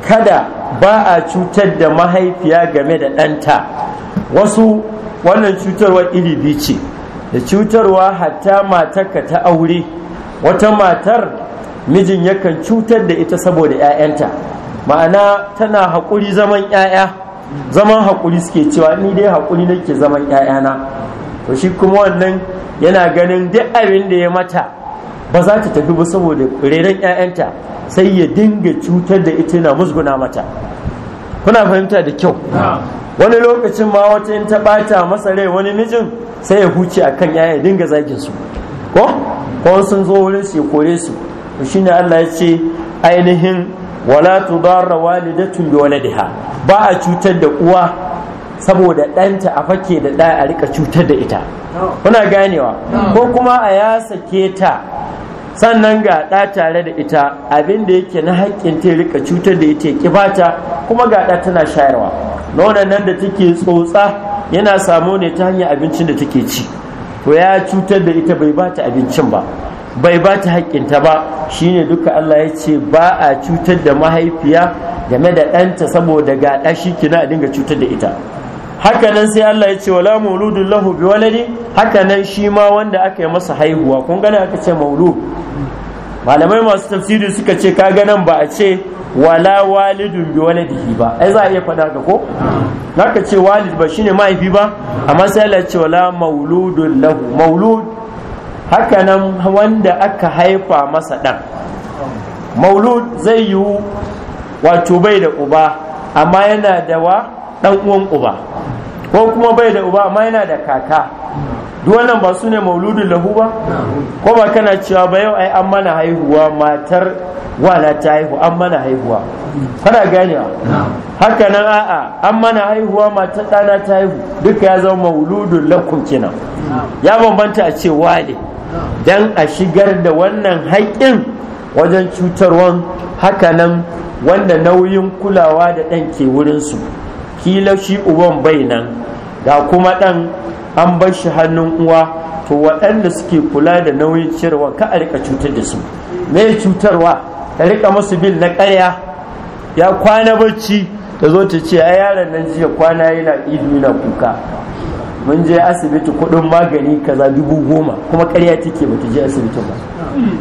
kada ba a cutar da mahaifiya game da ɗanta wasu wannan cutarwa iri bi ce da cutarwa hatta matarka ta aure wata matar mijin yakan cutar da ita saboda 'ya'yanta ma'ana tana haƙuri zaman 'ya'ya zaman haƙuri suke cewa ni dai haƙuri nake zaman 'ya'yana to shi kuma wannan yana ganin duk abin da ya mata ba za ta tafi ba saboda renon 'ya'yanta sai ya dinga cutar da ita na musguna mata kuna fahimta da kyau wani lokacin ma wata in ta bata masa rai wani mijin sai ya huce akan 'ya'ya ya dinga zagin su ko ko sun zo wurin su ya kore su to shine Allah ya ce ainihin wala tudarra walidatun bi waladiha ba a cutar da uwa saboda ɗanta a fake da ɗa a rika cutar da ita kuna ganewa ko kuma a ya sake ta sannan ga ɗa tare da ita abin da yake na haƙƙin ta rika cutar da ita ki bata kuma ga ɗa tana shayarwa nonon nan da take tsotsa yana samu ne ta hanyar abincin da take ci to ya cutar da ita bai bata abincin ba bai ba ta haƙƙinta ba shine duka Allah ya ce ba a cutar da mahaifiya game da ɗanta saboda ga ɗashi kina a dinga cutar da ita Hakanan sai Allah ya ce wala mauludun lahu bi waladi haka nan shi ma wanda aka yi masa haihuwa kun gana aka ce maulu malamai masu tafsiri suka ce ka nan ba a ce wala walidun bi waladihi ba ai za a iya faɗa ka ko haka ce walid ba shine mahaifi ba amma sai Allah ya ce wala mauludun lahu maulud hakanan wanda aka haifa masa ɗan maulud zai yiwu wato bai da uba amma yana da wa ɗan uwan uba ko kuma bai da uba amma yana da kaka duk wannan ba su ne mauludin lahu ba ko ba kana cewa ba yau ai an mana haihuwa matar wala ta haihu an mana haihuwa kana ganewa haka nan a'a an mana haihuwa matar ɗana ta haihu duka ya zama mauludin lahu kenan ya bambanta a ce wale don a shigar da wannan haƙƙin wajen cutarwan hakanan wanda nauyin kulawa da ɗan ke wurinsu kila shi uban bai nan ga kuma ɗan an bar shi hannun uwa to waɗanda suke kula da nauyin ciyarwa ka a rika cutar da su me cutarwa ka rika musu bil na ƙarya ya kwana barci? ta zo ta ce a yaron nan jiya kwana yana ido yana kuka mun je asibiti kuɗin magani kaza dubu goma kuma karya take bata je asibitin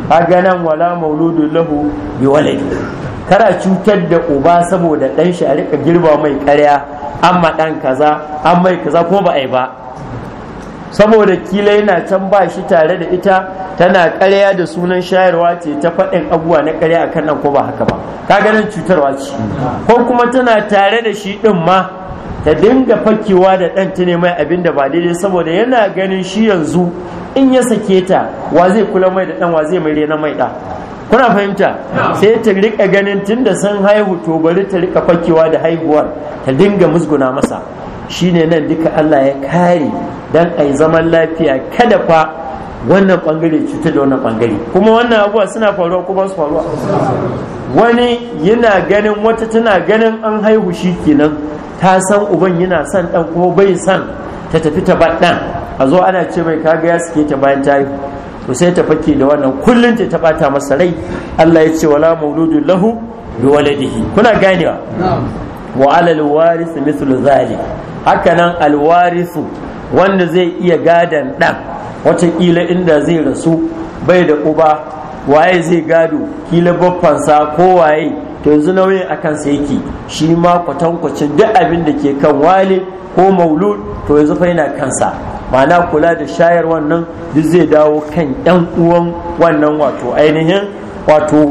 ba a nan wala mauludu lahu bi waladi kara cutar da uba saboda ɗan shi a rika girba mai karya amma dan kaza an mai kaza kuma ba a yi ba saboda kila yana can ba shi tare da ita tana karya da sunan shayarwa ce ta faɗin abubuwa na karya akan nan ko ba haka ba ka ganin cutarwa ce ko kuma tana tare da shi ɗin ma ta dinga fakkewa da ɗan ta mai abin da ba daidai saboda yana ganin shi yanzu in ya sake ta wa zai kula mai da ɗan wa zai mai rena mai ɗa kuna fahimta sai ta rika ganin tunda sun haihu to bari ta rika fakkewa da haihuwar ta dinga musguna masa shine nan duka Allah ya kare dan ai zaman lafiya kada fa wannan bangare cutar da wannan bangare kuma wannan abuwa suna faruwa kuma su faruwa wani yana ganin wata tana ganin an haihu shi kenan ta san uban yana son dan kuma bai san ta tafi ta dan. a zo ana ce mai kaga ya suke ta bayan ta to sai ta fake da wannan kullun ta ta bata masa rai Allah ya ce wala mauludun lahu bi waladihi kuna ganewa wa alal waris mithlu zalik haka nan wanda zai iya gadan dan watakila inda zai rasu bai da uba waye zai gado kila baffansa ko waye to yanzu nauyin a kansa yake shi ma kwatankwacin duk abin da ke kan wale ko maulud to yanzu fa yana kansa ma'ana kula da shayar wannan duk zai dawo kan yan uwan wannan wato ainihin wato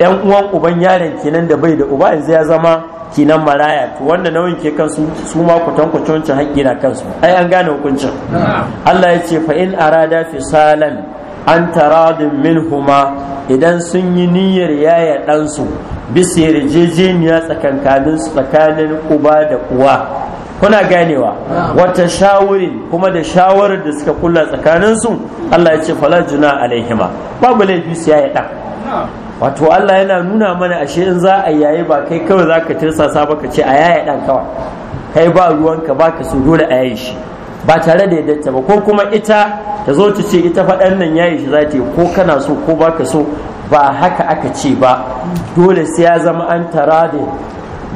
yan uwan uban yaron kenan da bai da uba yanzu ya zama kinan maraya to wanda nauyin ke kan su ma kwatankwacin wancan haƙƙi na kansu ai an gane hukuncin Allah ya ce fa in arada fisalan an taradin huma idan sun yi niyyar yaya ɗansu bisa yarjejeniya tsakankanin su tsakanin uba da uwa kuna ganewa wata shawurin kuma da shawarar da suka kulla tsakanin su Allah ya ce fala juna alaihima babu laifi su yaya ɗan wato Allah yana nuna mana ashe in za a yayi ba kai kawai za ka tirsasa ba ka ce a yaya ɗan kawai kai ba ruwanka ba ka so dole a yayi shi ba tare da yadda ba ko kuma ita ta zo ta ce ita faɗan nan yayi shi za ta yi ko kana so ko ba ka so ba haka aka ce ba dole sai ya zama an tara da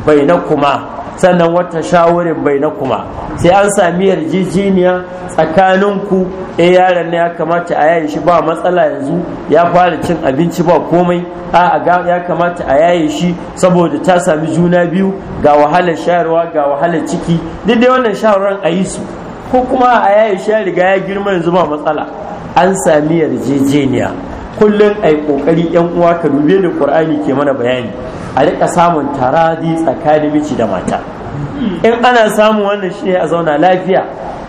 bai na kuma sannan wata shawarar bai na kuma sai an sami yarjejeniya tsakaninku eh yaron ne ya kamata a yaye shi ba matsala yanzu ya fara cin abinci ba komai a ya kamata a yaye shi saboda ta sami juna biyu ga wahalar shayarwa ga wahalar ciki duk dai wannan shawaran a yi su ko kuma a yaye shi ya riga ya girma yanzu ba matsala an sami yarjejeniya kullum a yi kokari yan uwa ka dube da ƙur'ani ke mana bayani a riƙa samun taradi tsakanin miji da mata in ana samun wannan shi a zauna lafiya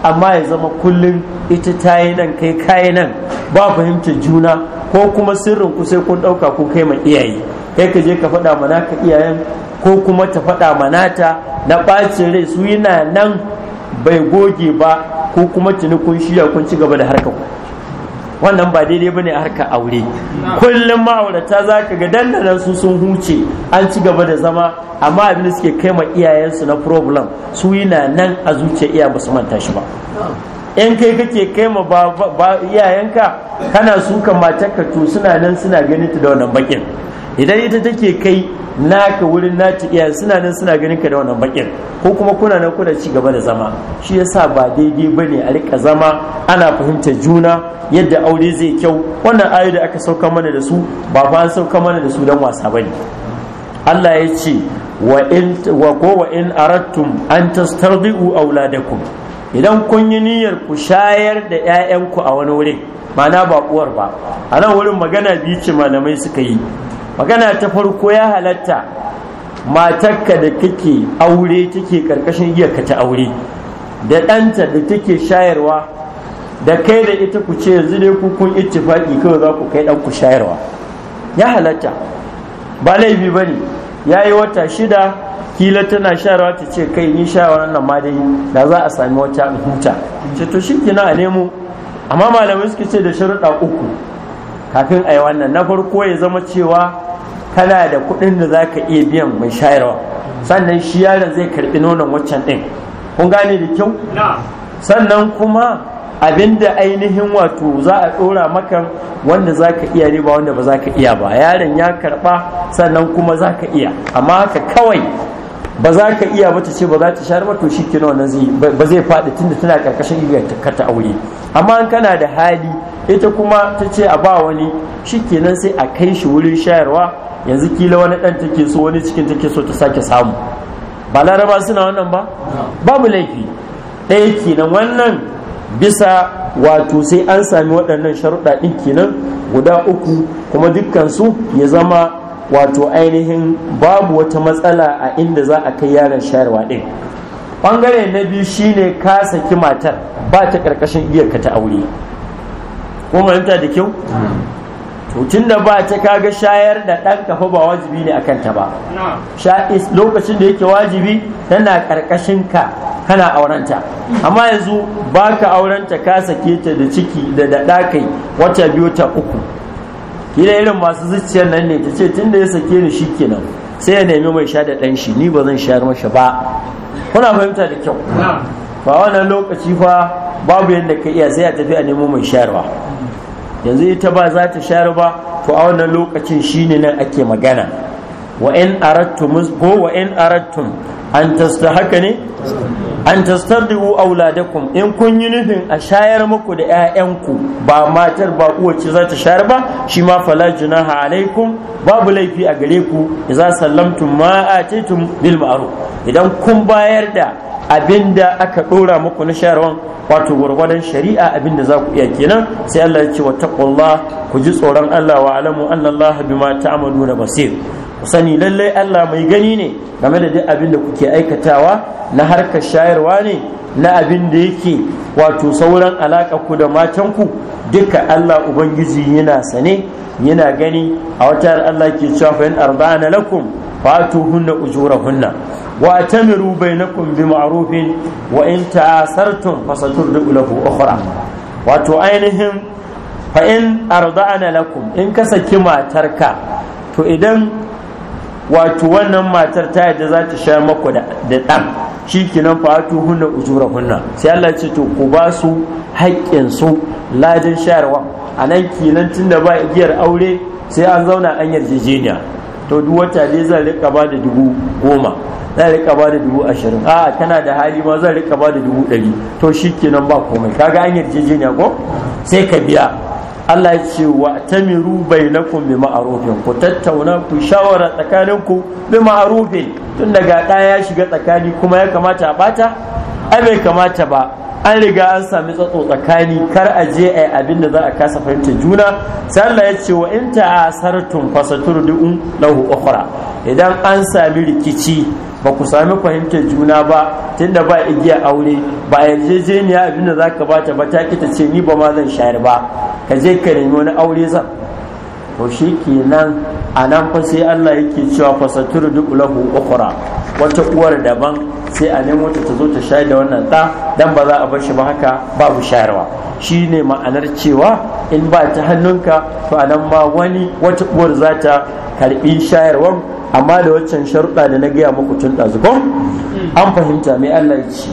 amma ya zama kullum ita ta yi nan kai kayi nan ba fahimtar juna ko kuma sirrin ku sai kun ɗauka ko kai ma iyaye kai ka je ka faɗa mana ka iyayen ko kuma ta faɗa manata na ɓacin rai su yana nan bai goge ba ko kuma tuni kun shirya kun ci gaba da harkar ku wannan ba daidai bane a harka aure kullum ma'aurata za ka ga dandanan su sun huce an ci gaba da zama amma abin suke kai ma iyayensu na problem su yana nan a zuciya iya ba su manta shi ba in kai kake kai ma iyayenka kana suka matarka to suna nan suna ganin ta da wannan bakin idan ita take kai naka wurin nata iya suna nan suna ganin ka da wannan bakin ko kuma kuna nan kuna ci gaba da zama shi yasa ba daidai bane a rika zama ana fahimtar juna yadda aure zai kyau wannan ayoyi da aka sauka mana da su ba fa an sauka mana da su dan wasa bane Allah ya ce wa in wa ko wa in aradtum an tastardi'u auladakum idan kun yi niyyar ku shayar da 'ya'yanku a wani wurin ma'ana ba uwar ba a nan wurin magana biyu ce malamai suka yi magana ta farko ya halatta matarka da kake aure take karkashin iyaka ta aure da ɗanta da take shayarwa da kai da ita ku ce yanzu dai ku kun ittifaki kawai za ku kai ɗan ku shayarwa ya halatta ba laifi ba ne ya yi wata shida kila tana shayarwa ta ce kai ni shayarwa nan ma dai da za a sami wata huta ce to shi kina a nemo amma malamai suke ce da sharuɗa uku kafin a yi wannan na farko ya zama cewa kana da kuɗin da za ka iya biyan mai shayarwa sannan shi yaron zai karɓi nonon waccan ɗin kun gane da kyau sannan kuma abinda ainihin wato za a ɗora maka wanda za ka iya riba wanda ba za ka iya ba yaron ya karɓa sannan kuma za ka iya amma haka kawai ba za ka iya ba ta ce ba za ta shayar ba to shi kino na ba zai faɗi tunda tana karkashin igiyar ta aure amma an kana da hali ita kuma ta ce a ba wani shi kenan sai a kai shi wurin shayarwa yanzu kila wani dan take so wani cikin take so ta sake samu ba laraba suna wannan ba babu laifi ɗaya kenan wannan bisa wato sai an sami waɗannan sharuɗa ɗin kenan guda uku kuma dukkansu ya zama wato ainihin babu wata matsala a inda za a kai yaron shayarwa ɗin ɓangare na biyu shine ka saki matar ba ta ƙarƙashin iyakata ta aure kuma yanta da kyau mm. to tun da ba ta kaga shayar da ɗan kafa ba wajibi ne akan ta ba lokacin da yake wajibi tana ƙarƙashin ka kana aurenta amma yanzu ba ka aurenta ka sake ta da ciki da da kai wata biyu ta uku kila irin masu zuciyar nan ne ta ce tun da ya sake ni shikenan sai ya nemi mai sha da ɗan shi ni ba zan shayar masa ba kuna fahimta da kyau ba wannan lokaci fa babu yadda ka iya sai a tafi a nemo mai shayarwa yanzu ita ba za ta shayar ba to a wannan lokacin shine nan ake magana wa in arattum ko wa in arattum an tasta haka ne an u auladakum in kun yi nufin a shayar muku da 'ya'yanku ba matar ba uwa ce za ta shayar ba shi ma fala junaha alaikum babu laifi a gare ku idza sallamtum ma atitum bil ma'ruf idan kun bayar da abinda aka dora muku na shayarwan wato gwargwadon shari'a abinda za ku iya kenan sai Allah ya ce wa taqullah ku ji tsoron Allah wa alamu annallaha bima ta'maluna basir sani lallai Allah mai gani ne game da duk abin da kuke aikatawa na harkar shayarwa ne na abin da yake wato sauran alaƙa ku da matan ku duka Allah ubangiji yana sane yana gani a wata Allah ke cewa fa in arba'ana lakum fatuhunna ujurahunna wa tamiru bainakum bi ma'rufin wa in ta'asartum fasaturdu lahu ukhra wato ainihin fa in arda'ana lakum in ka saki ka to idan wato wannan matar ta yadda za ta sha maku da ɗan shi kinan fatu hunna ujura hunna sai Allah ce to ku ba su haƙƙin su ladan shayarwa a nan kinan tunda ba igiyar aure sai an zauna an yarjejeniya to duk wata dai zan rika ba da dubu goma zan rika ba da dubu ashirin a kana da hali ma zan rika ba da dubu ɗari to shi kenan ba komai kaga an yarjejeniya ko sai ka biya Allah ya ce wa tamiru bainakum bi ma'arufin ku tattauna ku shawara tsakanin ku bi ma'arufin tun daga ɗaya ya shiga tsakani kuma ya kamata a bata ai bai kamata ba an riga an sami tsatso tsakani kar a je a yi abin da za a kasa fahimta juna sai Allah ya ce wa in fasatur du'un, lahu ukhra idan an sami rikici ba ku sami fahimtar juna ba tunda ba igiya aure ba a yarjejeniya abin da zaka bata ba ta kita ce ni ba ma zan shayar ba ka je ka nemi wani aure zan to shi kenan a nan fa sai Allah yake cewa fasatur lahu ukhra wata uwar daban sai a nemo ta zo ta shayar da wannan da dan ba za a bar shi ba haka babu shayarwa shine ma'anar cewa in ba ta hannunka to a nan ma wani wata uwar za ta karbi shayarwan amma da waccan sharuɗa da na gaya muku tun ɗazu an fahimta mai Allah ya ce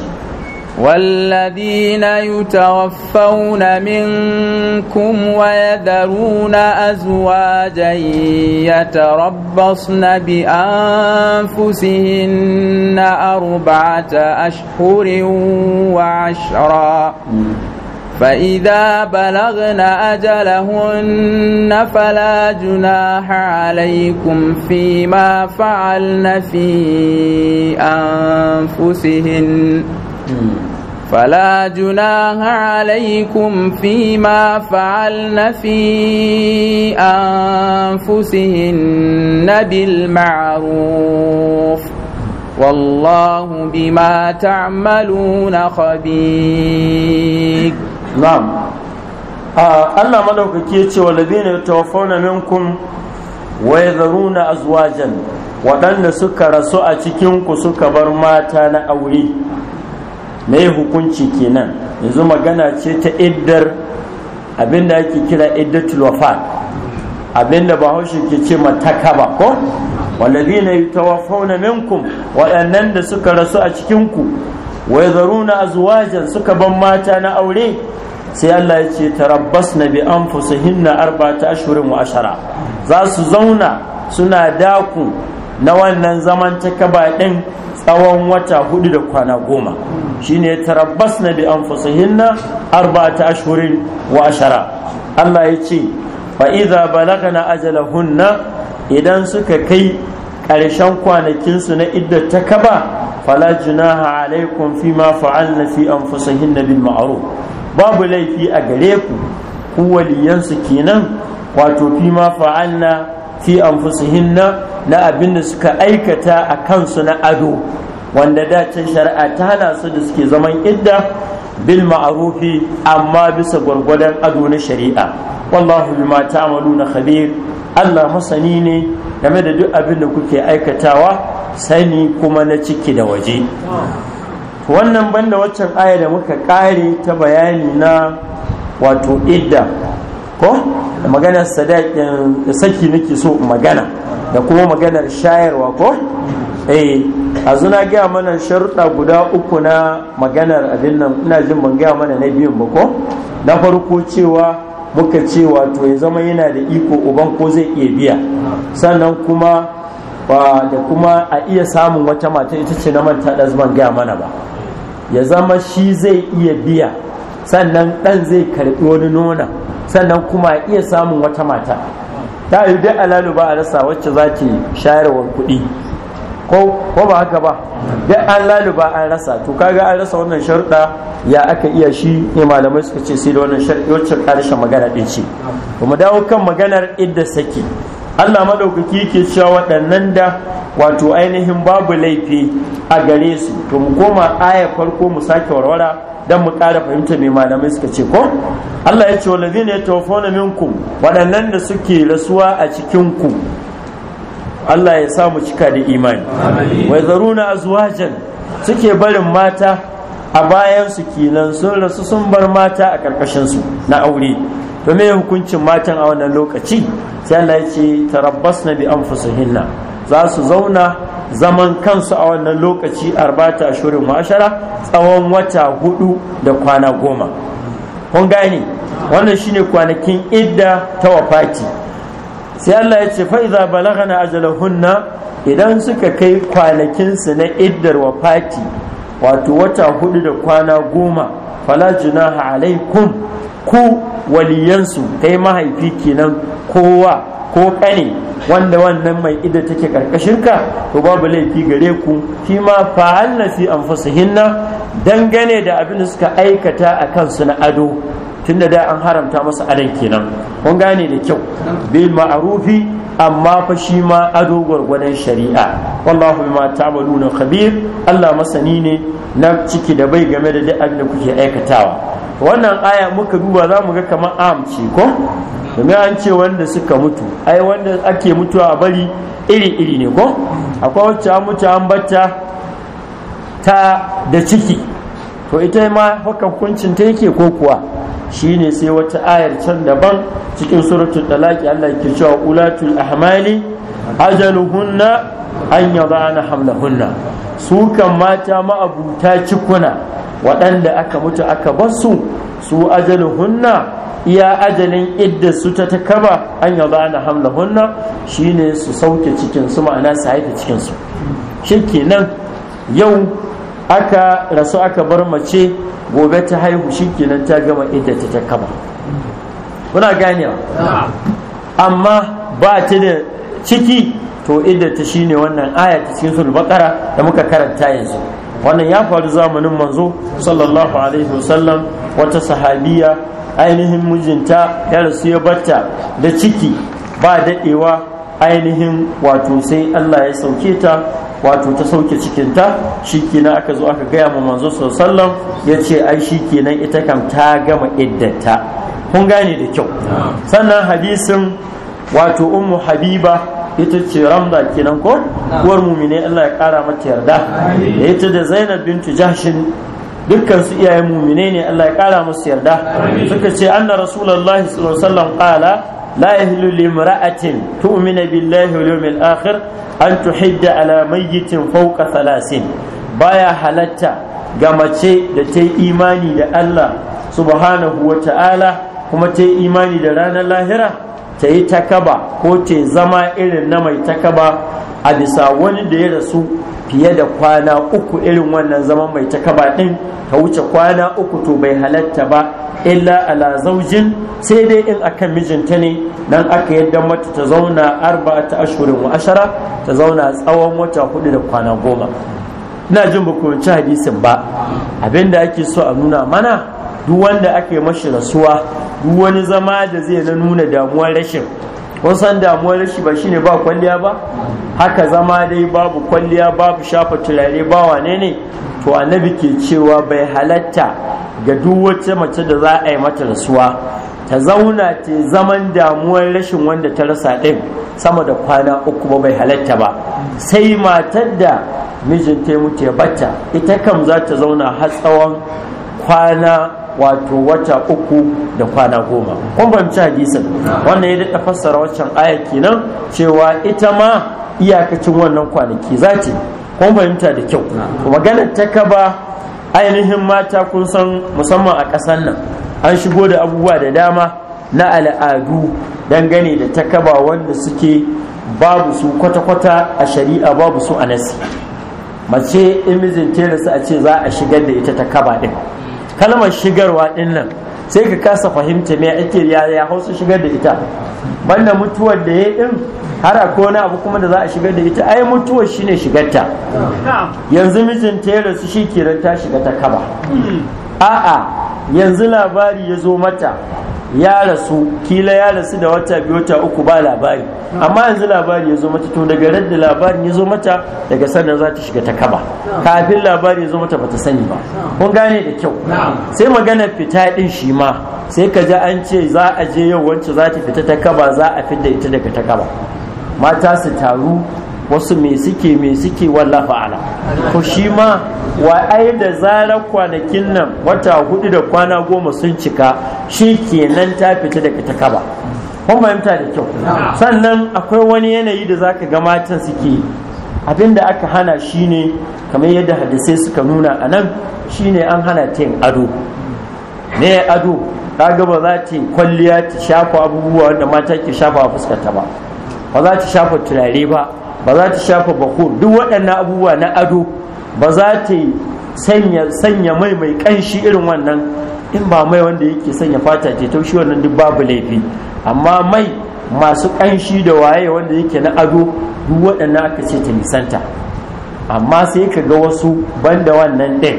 والذين يتوفون منكم ويذرون أزواجا يتربصن بأنفسهن أربعة أشهر وعشرا فإذا بلغن أجلهن فلا جناح عليكم فيما فعلن في أنفسهن فلا جناح عليكم فيما فعلن في أنفسهن بالمعروف والله بما تعملون خبير نعم الله ملوك كيتي والذين يتوفون منكم ويذرون أزواجا waɗanda suka rasu a cikinku suka bar mata na aure me hukunci kenan yanzu magana ce ta iddar abinda ake kira iddatul wafat abinda bahaushe ke ce ba, ko yi yatawaffawna minkum waɗannan da suka rasu a cikin ku wa na azwajan suka ban mata na aure sai Allah ya ce tarabbasna bi anfusihinna arba'ata ashhurin wa ashara za su zauna suna daku na wannan zaman ta kaba ɗin tsawon wata hudu da kwana goma shine ne tarabbas na bi an anfusihinna arba'ata ashhurin wa ashara Allah ya ce fa idza balagana ajalahunna idan suka kai ƙarshen kwanakinsu na idda ta kaba fala junaha alaikum fi ma fa'alna fi anfusihinna bil ma'ruf babu laifi a gare ku ku waliyansu kenan wato fi ma fa'alna fi anfusihinna na abin da suka aikata a kansu na ado wanda dacin shari'a ta hana su da suke zaman idda bil ma'arufi amma bisa gwargwadon ado na shari'a wallahu bima na khabir Allah masani ne game da duk abin da kuke aikatawa sani kuma na ciki da waje wannan banda waccan aya da muka kare ta bayani na wato idda ko maganar sadakin saki nake so magana da kuma maganar shayarwa ko eh a zuna gaya mana sharuɗa guda uku na maganar abin nan ina jin ban gaya mana na biyun ba ko na farko cewa muka ce wato ya zama yana da iko uban ko zai iya biya sannan kuma ba da kuma a iya samun wata mata ita ce na manta da zuban gaya mana ba ya zama shi zai iya biya sannan ɗan zai karɓi wani nona sannan kuma iya samun wata mata ta yi dai alalu ba a rasa wacce za ta shayarwar kuɗi ko ba haka ba duk alalu ba a rasa to kaga an rasa wannan sharuɗa ya aka iya shi ne malamai suka ce sai da wannan sharuɗin karshen magana ɗin ce kuma dawo kan maganar idda saki Allah maɗaukaki ke cewa waɗannan da wato ainihin babu laifi a gare su to mu koma ayar farko mu sake warwara dan mu ƙara fahimta mai malamai suka ce ko Allah ya ce walazina yatawafuna minkum waɗannan da suke rasuwa a cikin ku Allah ya mu cika da imani wa zaruna azwajan suke barin mata a bayan su kinan sun rasu sun bar mata a karkashin su na aure to me hukuncin matan a wannan lokaci sai Allah ya ce tarabbasna bi anfusihinna za su zauna zaman kansu a wannan lokaci arbata shurin ma'ashara tsawon wata hudu da kwana goma kun gane wannan shine kwanakin idda ta wafati sai Allah ya ce fa'iza balagana ajalahunna idan suka kai kwanakinsu na iddar wafati wato wata hudu da kwana goma fala junaha alaikum ku waliyansu kai mahaifi kenan kowa ko kane wanda wannan mai ida take karkashin ka to babu laifi gare ku shi ma fa'al nasi anfusuhinna dangane da abin da suka aikata a kansu na ado tunda da an haramta masa adon kenan kun gane da kyau bil ma'arufi. amma fa shi ma ado gwargwadon shari'a wallahu bima ta'maluna khabir Allah masani ne na ciki da bai game da duk abin da kuke aikatawa wannan aya muka duba za mu ga kamar am ce ko domin an ce wanda suka mutu ai wanda ake mutuwa a bari iri-iri ne ko akwai wacce an mutu an batta ta da ciki to ita ma haka hukuncin ta yake ko kuwa shine sai wata ayar can daban cikin suratul talaki Allah ke cewa ulatul ahmali ajaluhunna an yadana hamlahunna su kan mata ma'abuta cikuna waɗanda aka mutu aka basu su ajaluhunna iya ajalin idda su ta takaba, kaba an ya ba na hamla hunna shine su sauke cikin su ma'ana su haife cikin su shikenan yau aka rasu aka bar mace gobe ta haihu shikenan ta gama idda ta ta kaba kuna gane amma ba ta da ciki to idda ta shine wannan aya ta cikin sul bakara da muka karanta yanzu wannan ya faru zamanin manzo sallallahu alaihi wasallam wata sahabiya ainihin mijinta ya rasu ya batta da ciki ba daɗewa ainihin wato sai Allah ya sauke ta wato ta sauke cikinta shi kenan aka zo aka gaya ma manzo sallam ya ce ai shi kenan ita kam ta gama iddata kun gane da kyau sannan hadisin wato ummu habiba ita ce ramda kenan ko uwar mumine Allah ya kara mata yarda da ita da zainab bintu jahshin Dukkansu su iyaye ne Allah ya kara musu yarda suka ce anna rasulullah sallallahu alaihi wasallam qala la yahlu li imra'atin tu'minu billahi wal yawmil akhir an tuhidda ala mayyitin fawqa thalasin baya halatta ga mace da ta yi imani da Allah subhanahu wa ta'ala kuma ta yi imani da ranar lahira ta yi takaba ko ta zama irin na mai takaba a bisa wani da ya rasu fiye da kwana uku irin wannan zaman mai takaba ɗin ta wuce kwana uku to bai halatta ba illa ala zaujin sai dai in akan mijinta ne nan aka yadda mata ta zauna arba ta ashirin wa ashara ta zauna tsawon wata hudu da kwana goma ina jin ba ku hadisin ba abinda ake so a nuna mana duk wanda ake mashi rasuwa duk wani zama da zai na nuna damuwar rashin kun san damuwar rashi ba shine ba kwalliya ba haka zama dai babu kwalliya babu shafa turare ba wane ne to annabi ke cewa bai halatta ga duk wacce mace da za a yi mata rasuwa ta zauna ta zaman damuwar rashin wanda ta rasa ɗin sama da kwana uku ba bai halatta ba sai matar da mijinta ya mutu ya bata ita kam za ta zauna har tsawon kwana wato wata uku da kwana goma kun fahimci hadisin wannan ya daɗa fassara waccan aya kenan cewa ita ma iyakacin wannan kwanaki za ce kun fahimta da kyau maganar ta kaba ainihin mata kun san musamman a ƙasar nan an shigo da abubuwa da dama na al'adu dangane da ta kaba wanda suke babu su kwata-kwata a shari'a babu su a nasi mace in mijin su a ce za a shigar da ita ta kaba din kalmar shigarwa din nan sai ka kasa fahimta me ake ya hausa shigar da ita banda mutuwar da ya din har a kona abu kuma da za a shigar da ita ai mutuwar shine shigarta yanzu mijinta ya rasu shi kenan ta shiga ta kaba hmm. a'a yanzu labari ya zo mata ya rasu kila ya rasu da wata biyu wata uku ba labari amma yanzu labari ya zo mata to daga radda labarin ya zo mata daga sannan za ta shiga ta kaba kafin labari ya zo mata bata sani ba kun gane da kyau sai maganar fita din shi ma sai ka ji an ce za a je yau wance za ta fita ta kaba za a fidda ita daga ta kaba mata su taru wasu mai suke mai suke wallafa ala ko shi ma wa ai da zarar kwanakin nan wata hudu da kwana goma sun cika shi kenan ta fita daga ta kaba kun fahimta da kyau sannan akwai wani yanayi da zaka ga matan suke abinda aka hana shi ne kamar yadda hadisai suka nuna a nan shi ne an hana ta yin ado ne ado kaga ba za ta kwalliya ta shafa abubuwa wanda mata ke shafa a fuskarta ba ba za ta shafa turare ba ba za ta shafa bakur duk waɗannan abubuwa na ado ba za ta sanya mai mai ƙanshi irin wannan in ba mai wanda yake sanya fata ce taushi wannan duk babu laifi amma mai masu kanshi da waye wanda yake na ado duk waɗannan aka ce ta nisanta amma sai ka ga wasu banda wannan ɗin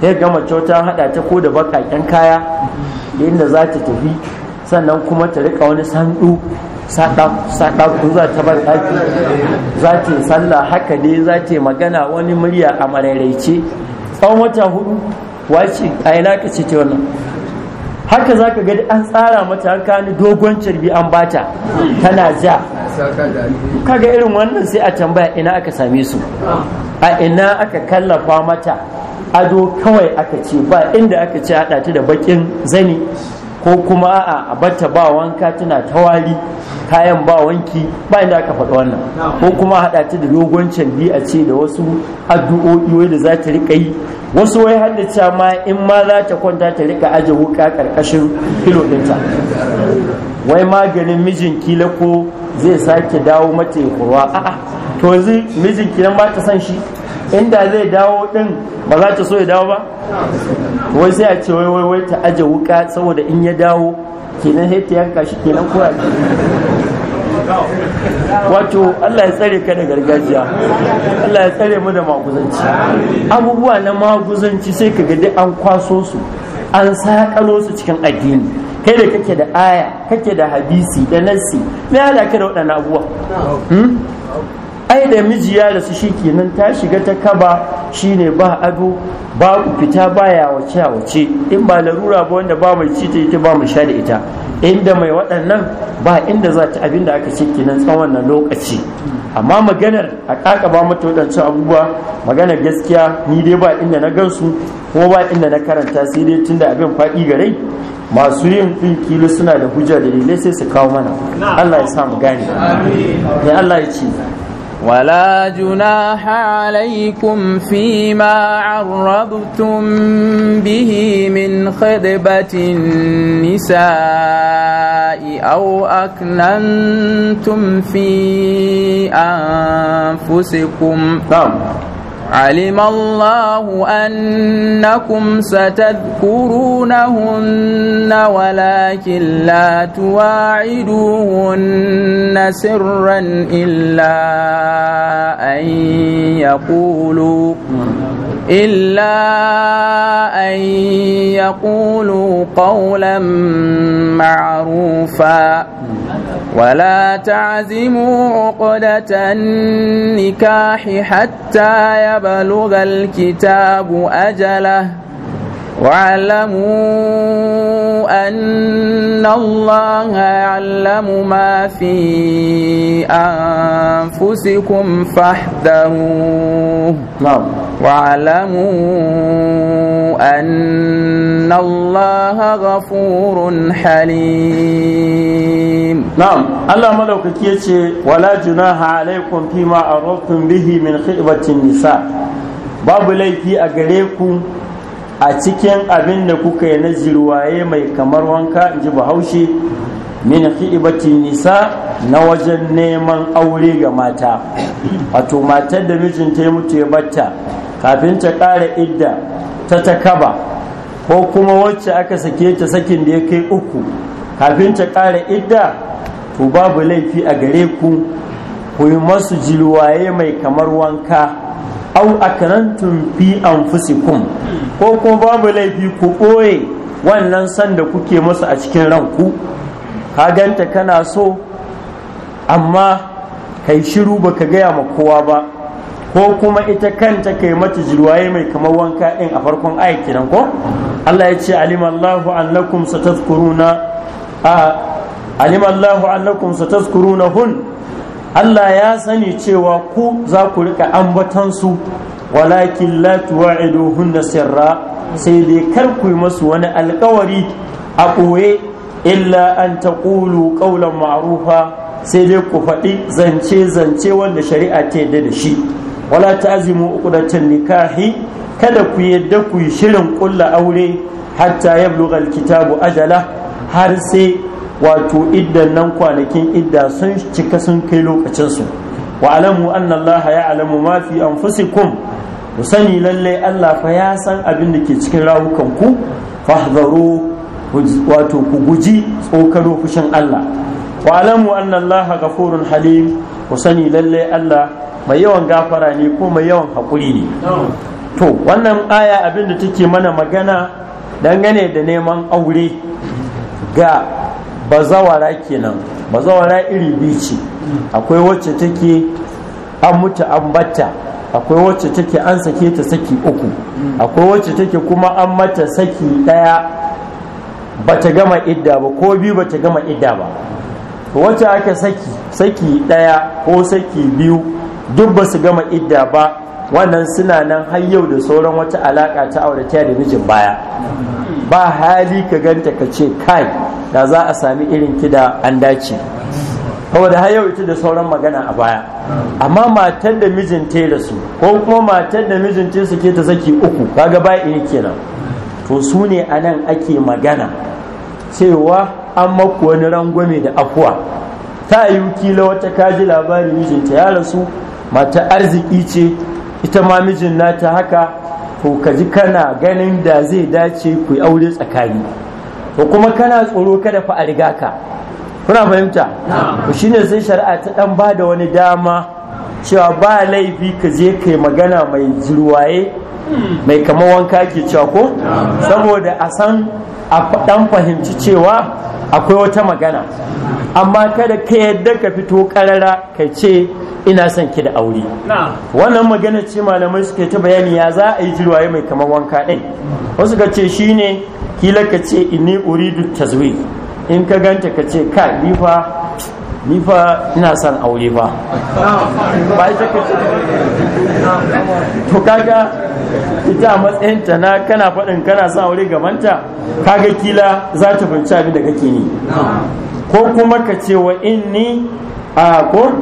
sai ga mace wata haɗa ta ko da bakaƙen kaya inda za ta tafi sannan kuma ta riƙa wani sandu saɗaf za ta bar ɗaki za ta sallah haka dai za ta magana wani murya a mararaice tsawon wata hudu wace a ina ka ce ta wannan haka za ka an tsara mata an kani dogon cirbi an bata tana ja kaga irin wannan sai a tambaya ina aka same su a ina aka kallafa mata ado kawai aka ce ba inda aka ce haɗa ta da bakin zani ko kuma a'a a batta ba wanka tana tawali kayan ba wanki ba inda aka faɗi wannan ko kuma haɗa ta da dogon canbi a ce da wasu addu'o'i wai da za ta riƙa yi wasu wai cewa ma in ma za ta kwanta ta rika aje wuka ƙarƙashin filo wai maganin mijin kila ko zai sake dawo mata ya kurwa a'a to yanzu mijin kilan ba ta son shi inda zai dawo din ba za ta so ya dawo ba wai sai a ce wai wai wai ta aje wuka saboda in ya dawo kenan sai ta yanka shi kenan kuwa wato Allah ya tsare ka da gargajiya Allah ya tsare mu da maguzanci abubuwa na maguzanci sai ka ga an kwaso su an sakalo su cikin addini kai da kake da aya kake da hadisi da nassi me ya da waɗannan abubuwa hmm? ai da miji ya rasu shi kenan ta shiga ta kaba shine ba ado ba ku fita ya wace wace in ba larura ba wanda ba mai ci ta ita ba mai sha da ita inda mai waɗannan ba inda za ta abinda aka ce kenan tsawon wannan lokaci amma maganar a ba mata waɗancan abubuwa maganar gaskiya ni dai ba inda na gansu ko ba inda na karanta sai dai tun da abin faɗi ga rai masu yin ɗin suna da hujja da dalilai sai su kawo mana Allah ya sa mu gane ne Allah ya ce ولا جناح عليكم فيما عرضتم به من خدبة النساء أو أكننتم في أنفسكم نعم. علم الله أنكم ستذكرونهن ولكن لا تواعدوهن سرا إلا أن يقولوا إلا أن يقولوا قولا معروفا ولا تعزموا عقدة النكاح حتى يبلغ الكتاب أجله واعلموا أن الله يعلم ما في أنفسكم فاحذروه نعم واعلموا أن الله غفور حليم نعم الله ملوك كيتي ولا جناح عليكم a أردتم به من خطبة النساء باب ليكي أقريكم a cikin abin da kuka yi na zirwaye mai kamar wanka in ji bahaushe min khidibati nisa na wajen neman aure ga mata wato matar da mijinta ya mutu ya batta kafin ta ƙara idda ta takaba ko kuma wacce aka sake ta sakin da ya kai uku kafin ta ƙara idda to babu laifi a gare ku ku yi masu jiruwaye mai kamar wanka au akanantum fi fusikun ko kuma babu laifi ku ɓoye wannan sanda kuke masu a cikin ranku ka ganta kana so amma kai shiru baka gaya ma kowa ba ko kuma ita kanta kai mata jirwaye mai kamar wanka din a farkon ayat nan ko Allah ya ce alimallahu annakum satazkuruna a alimallahu annakum satazkuruna hun Allah ya sani cewa ku za ku rika ambatan su walakin la tuwa'iduhunna sirra sai dai kar ku yi masu wani alkawari a ɓoye illa an taqulu qawlan ma'rufa sai dai ku faɗi zance zance wanda shari'a ta yarda da shi wala ta azimu ukudatan nikahi kada ku yadda ku yi shirin kulla aure hatta bluga alkitabu ajala har sai wato iddan nan kwanakin idda sun cika sun kai lokacin su wa alamu anna allaha ya'lamu ma fi anfusikum ku sani lalle Allah fa ya san abin da ke cikin rawukan ku fahdharu wato ku guji tsokano fushin Allah wa alamu anna allaha ghafurun halim ku sani lalle Allah mai yawan gafara ne ko mai yawan haƙuri ne to wannan aya abin da take mana magana dangane da neman aure ga bazawara kenan bazawara iri biyu ce akwai wacce take an mutu an batta akwai wacce take an sake ta saki uku akwai wacce take kuma an mata saki daya bata gama idda ba ko biyu bata gama idda ba wacce aka saki saki daya ko saki biyu duk ba su gama idda ba wannan suna nan har yau da sauran wata alaka ta aurataya da mijin baya ba hali ka ganta ka ce kai da za a sami irin kida an dace saboda har yau ita da sauran magana a baya amma matan da mijin mijinta ya rasu ko kuma matan da mijinta su ke ta saki uku kaga ba iya kenan to su ne a nan ake magana cewa an maku wani rangwame da afuwa ta yi kila wata kaji labarin mijinta ya rasu mata arziki ce ita ma mijin nata haka ko ka ji kana ganin da zai dace ku yi aure tsakani ko kuma kana tsoro kada fa a riga ka kuna fahimta ku shine sai shari'a ta dan ba da wani dama cewa ba laifi ka je kai magana mai jirwaye mai kamar wanka ke cewa ko saboda a san a dan fahimci cewa akwai wata magana amma kada ka yadda ka fito karara ka ce ina son ki da aure wannan magana ce malamai suke ta bayani ya za a yi jirwaye mai kamar wanka ɗin wasu ka ce shine kila ka ce inni uridu tazwi in ka ganta ka ce ka ni fa ina son aure fa ba ita ka ce to kaga ita a matsayinta na kana faɗin kana son aure gamanta kaga kila za ta fahimci abin da kake ni ko kuma ka ce wa inni a ko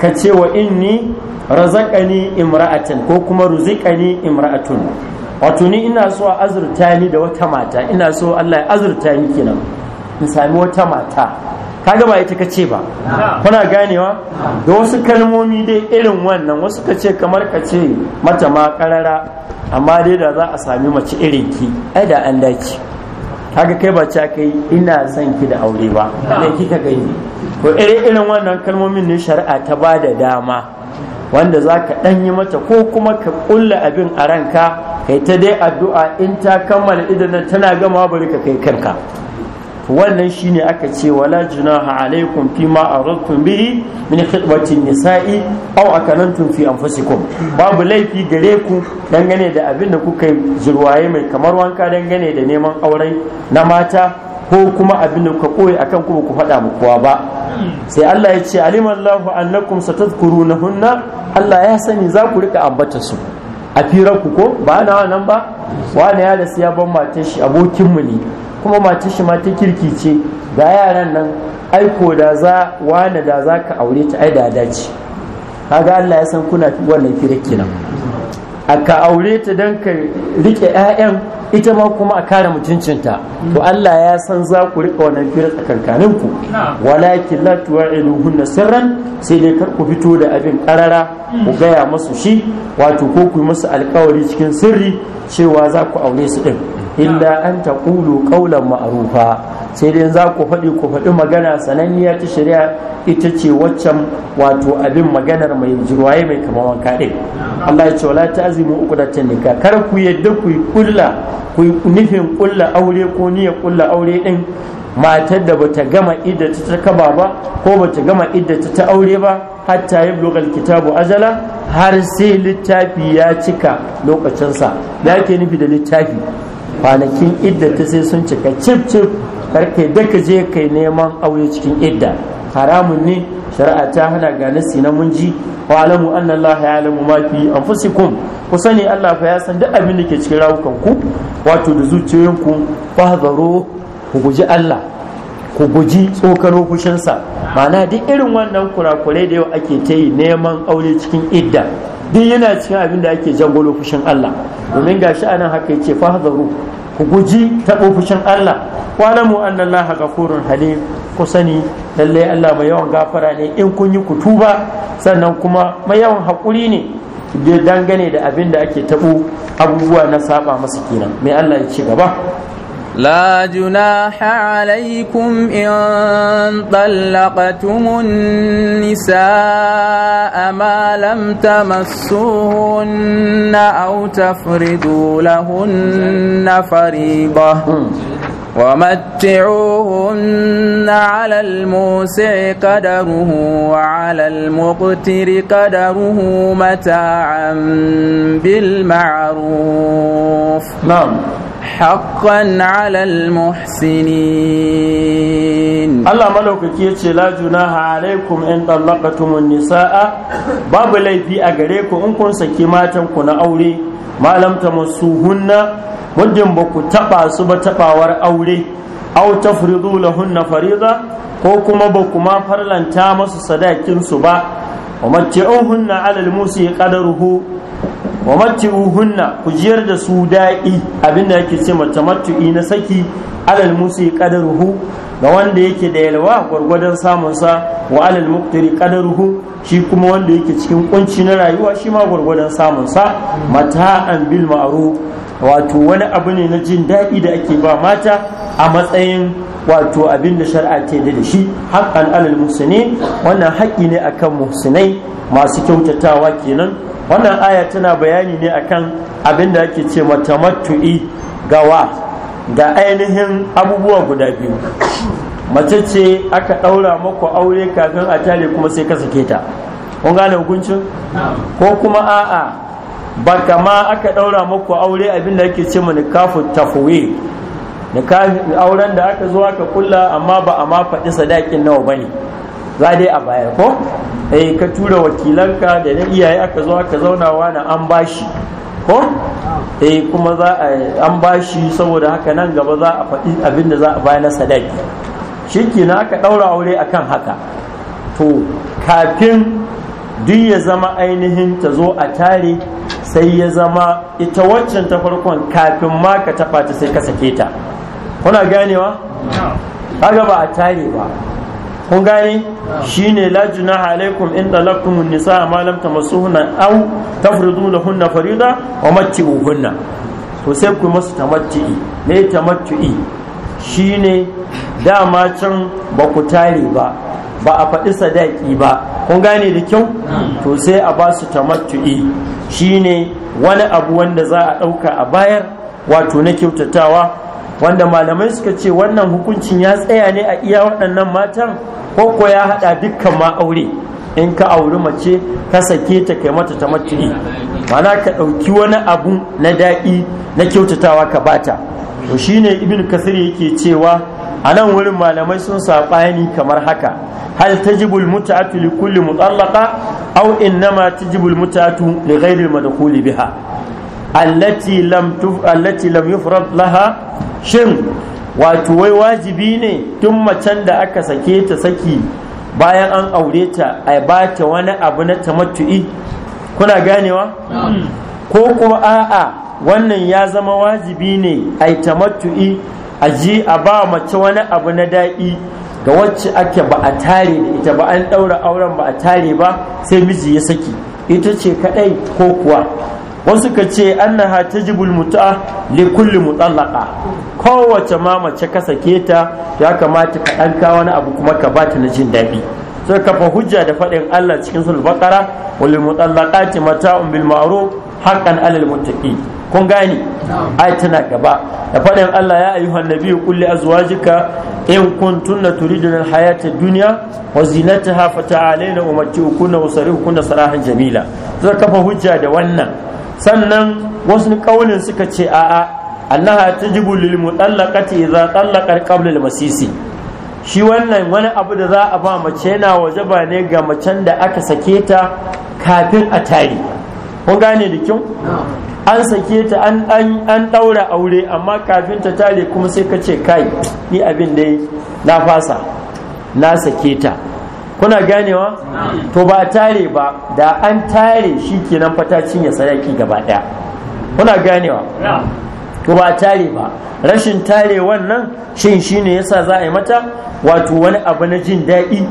ka ce wa inni razaƙani imra'atan ko kuma ruzikani imra'atun wato ni ina so a azurta ni da wata mata ina so Allah ya azurta ni kenan in sami wata mata kaga ba ita ka ce ba kuna ganewa da wasu kalmomi dai irin wannan wasu ka ce kamar ka ce mata ma karara amma dai da za a sami mace irin ki ai da an dace kaga kai ba ca kai ina son ki da aure ba ki kika gani ko irin wannan kalmomin ne shari'a ta ba da dama wanda za ka ɗan yi mata ko kuma ka ƙulla abin a ranka kai ta dai addu'a in ta kammala idan tana gama bari ka kai kanka wannan shine aka ce wala junaha alaikum fi ma aradtum bihi min khidmatin nisa'i aw akanantum fi anfusikum babu laifi gare ku dangane da abin da kuka jirwaye mai kamar wanka dangane da neman aure na mata ko kuma abin da kuka koyi akan ku ku faɗa mu kowa ba sai Allah ya ce alimallahu annakum satadhkurunahunna Allah ya sani za ku rika ambata su a firar ko ba na nan ba wani ya da siya ban matar shi abokinmu ne kuma mace shi ma ta kirki ce ga yaran nan aiko da za wani da za ka aure ta ai da dace kaga Allah ya san kuna wannan kirki nan a ka aure ta dan ka rike 'ya'yan ita ma kuma a kare mutuncinta to Allah ya san za ku rika wannan fira tsakankanin ku walakin la hunna sirran sai dai kar ku fito da abin karara ku gaya musu shi wato ko ku yi musu alkawari cikin sirri cewa za ku aure su din illa an taqulu qawlan maarufa, sai dai za ku faɗi ku faɗi magana sananniya ta shari'a ita ce waccan wato abin maganar mai jirwaye mai kama wanka ɗin Allah ya ce wala ta'zimu uqdatan nika kar ku yadda ku yi kulla ku yi nufin ƙulla aure ko niyyar kulla aure ɗin, matar da bata gama idda ta ta kaba ba ko bata gama idda ta ta aure ba hatta yi bloga kitabu ajala har sai littafi ya cika lokacinsa ya ke nufi da littafi kwanakin idda ta sai sun cika cif cif karfe daga je kai neman aure cikin idda haramun ne shari'a ta hana gani nasi na mun ji wa alamu anna Allah ya alamu ma fi anfusikum ku sani Allah fa ya san duk abin da ke cikin rawukan ku wato da zuciyoyinku fahdharu ku guji Allah ku guji tsokano fushinsa ma'ana duk irin wannan kurakurai da yau ake ta yi neman aure cikin idda duk yana cikin abin da ake jangolo fushin Allah domin ga shi anan haka yace fahzaru ku guji taɓo fushin Allah wa'lamu mu Allah ghafurun halim ku sani lalle Allah mai yawan gafara ne in kun yi kutuba sannan kuma mai yawan hakuri ne dangane da abin da ake taɓo abubuwa na saba masa kenan mai Allah ya ci gaba لا جناح عليكم إن طلقتم النساء ما لم تمسوهن أو تفرضوا لهن فريضة ومتعوهن على الموسع قدره وعلى المقتر قدره متاعا بالمعروف نعم haqqan 'ala al-muhsinin Allah malaukaki yace la junaha alaikum in talaqtumun nisaa babu laifi a gare ku in kun saki matan ku na aure malam tamassuhunna muddin ba ku taɓa su ba taɓawar aure aw tafridu lahunna fariida ko kuma ba kuma farlanta masu sadakin su ba wa matti'uhunna 'ala al-musi wa hunna ku jiyar da su da'i abinda yake ce mata matu'i na saki alal musi qadaruhu ga wanda yake da yalwa gwargwadon samun sa wa alal muqtari qadaruhu shi kuma wanda yake cikin kunci na rayuwa shi ma gwargwadon samun sa mata'an bil ma'ruf wato wani abu ne na jin daɗi da ake ba mata a matsayin wato abin da shari'a ta da shi haƙƙan alal musulmi wannan haƙƙi ne akan muhsinai masu kyautatawa kenan wannan aya tana bayani ne akan abin da ake ce matu'i gawa da ainihin abubuwa guda biyu mace ce aka ɗaura maku aure kafin a tare kuma sai ka sake ta kun gane hukuncin ko kuma a'a ba kama aka ɗaura muku aure abin da yake ce mu nikafu tafuwe auren da aka zo aka kulla amma ba a ma faɗi sadakin nawa ba ne za dai a baya ko eh ka tura wakilanka da na iyaye aka zo aka zauna wani an bashi ko eh kuma za a an bashi saboda haka nan gaba za a faɗi abinda za a baya na sadaki shikenan aka ɗaura aure akan haka to kafin duk ya zama ainihin ta zo a tare sai ya zama ita waccan ta farkon kafin ma ka taɓa ta sai ka sake ta kuna ganewa kaga ba a tare ba kun gane shine la junaha alaikum in talaqtum nisa ma lam tamassuhunna aw tafridu lahunna farida wa matti'uhunna to sai ku masu tamattu'i me tamattu'i shine dama can ba ku tare ba ba a faɗi sadaki ba kun gane da kyau to sai a ba su tamattu'i shine wani abu wanda za a ɗauka a bayar wato na kyautatawa wanda malamai suka ce wannan hukuncin ya tsaya ne a iya waɗannan matan ko ya haɗa dukkan ma aure in ka auri mace ka sake ta kai mata ta matu'i mana ka ɗauki wani abu na daɗi na kyautatawa ka bata to shine ibn kasir yake cewa a nan wurin malamai sun saɓani kamar haka hal tajibul mutatu li kulli mutallaqa aw innama tajibul mutatu li ghairi madkhuli biha allati lam tuf allati lam yufrad laha shin wato wai wajibi ne tun macen da aka sake ta saki bayan an aure ta a ba ta wani abu na tamattu'i kuna ganewa ko kuma a'a wannan ya zama wajibi ne a tamattu'i a ji a ba mace wani abu na daɗi ga wacce ake ba a tare da ita ba an ɗaura auren ba a tare ba sai miji ya saki ita ce kaɗai ko kuwa wasu ka ce annaha tajibul mutu'a li kulli mutallaqa kowace ma mace ka sake ta ya kamata ka ɗan kawo wani abu kuma ka bata na jin daɗi sai kafa hujja da faɗin Allah cikin sulbaqara wal mutallaqati mata'un bil ma'ruf haqqan alal muttaqin kun gani ai tana gaba da faɗin Allah ya ayyuhan nabi kulli jika azwajika in kuntunna turidun hayata dunya wa zinataha fata'alaina umatti'ukunna wa sarihunna sarahan jamila Zan kafa hujja da wannan sannan wasu kaulin suka ce a'a annaha tajibu lil mutallaqati idza tallaqa qabla al masisi shi wannan wani abu da za a ba mace yana ba ne ga macen da aka sake ta kafin a tari kun gane da kyau an sake ta an an daura aure amma kafin ta tare kuma sai ka ce kai ni abin dai na fasa na sake ta kuna ganewa to ba tare ba da an tare shi kenan fata cinye sadaki gaba daya kuna ganewa to ba tare ba rashin tare wannan shin shine yasa za a yi mata wato wani abu na jin daɗi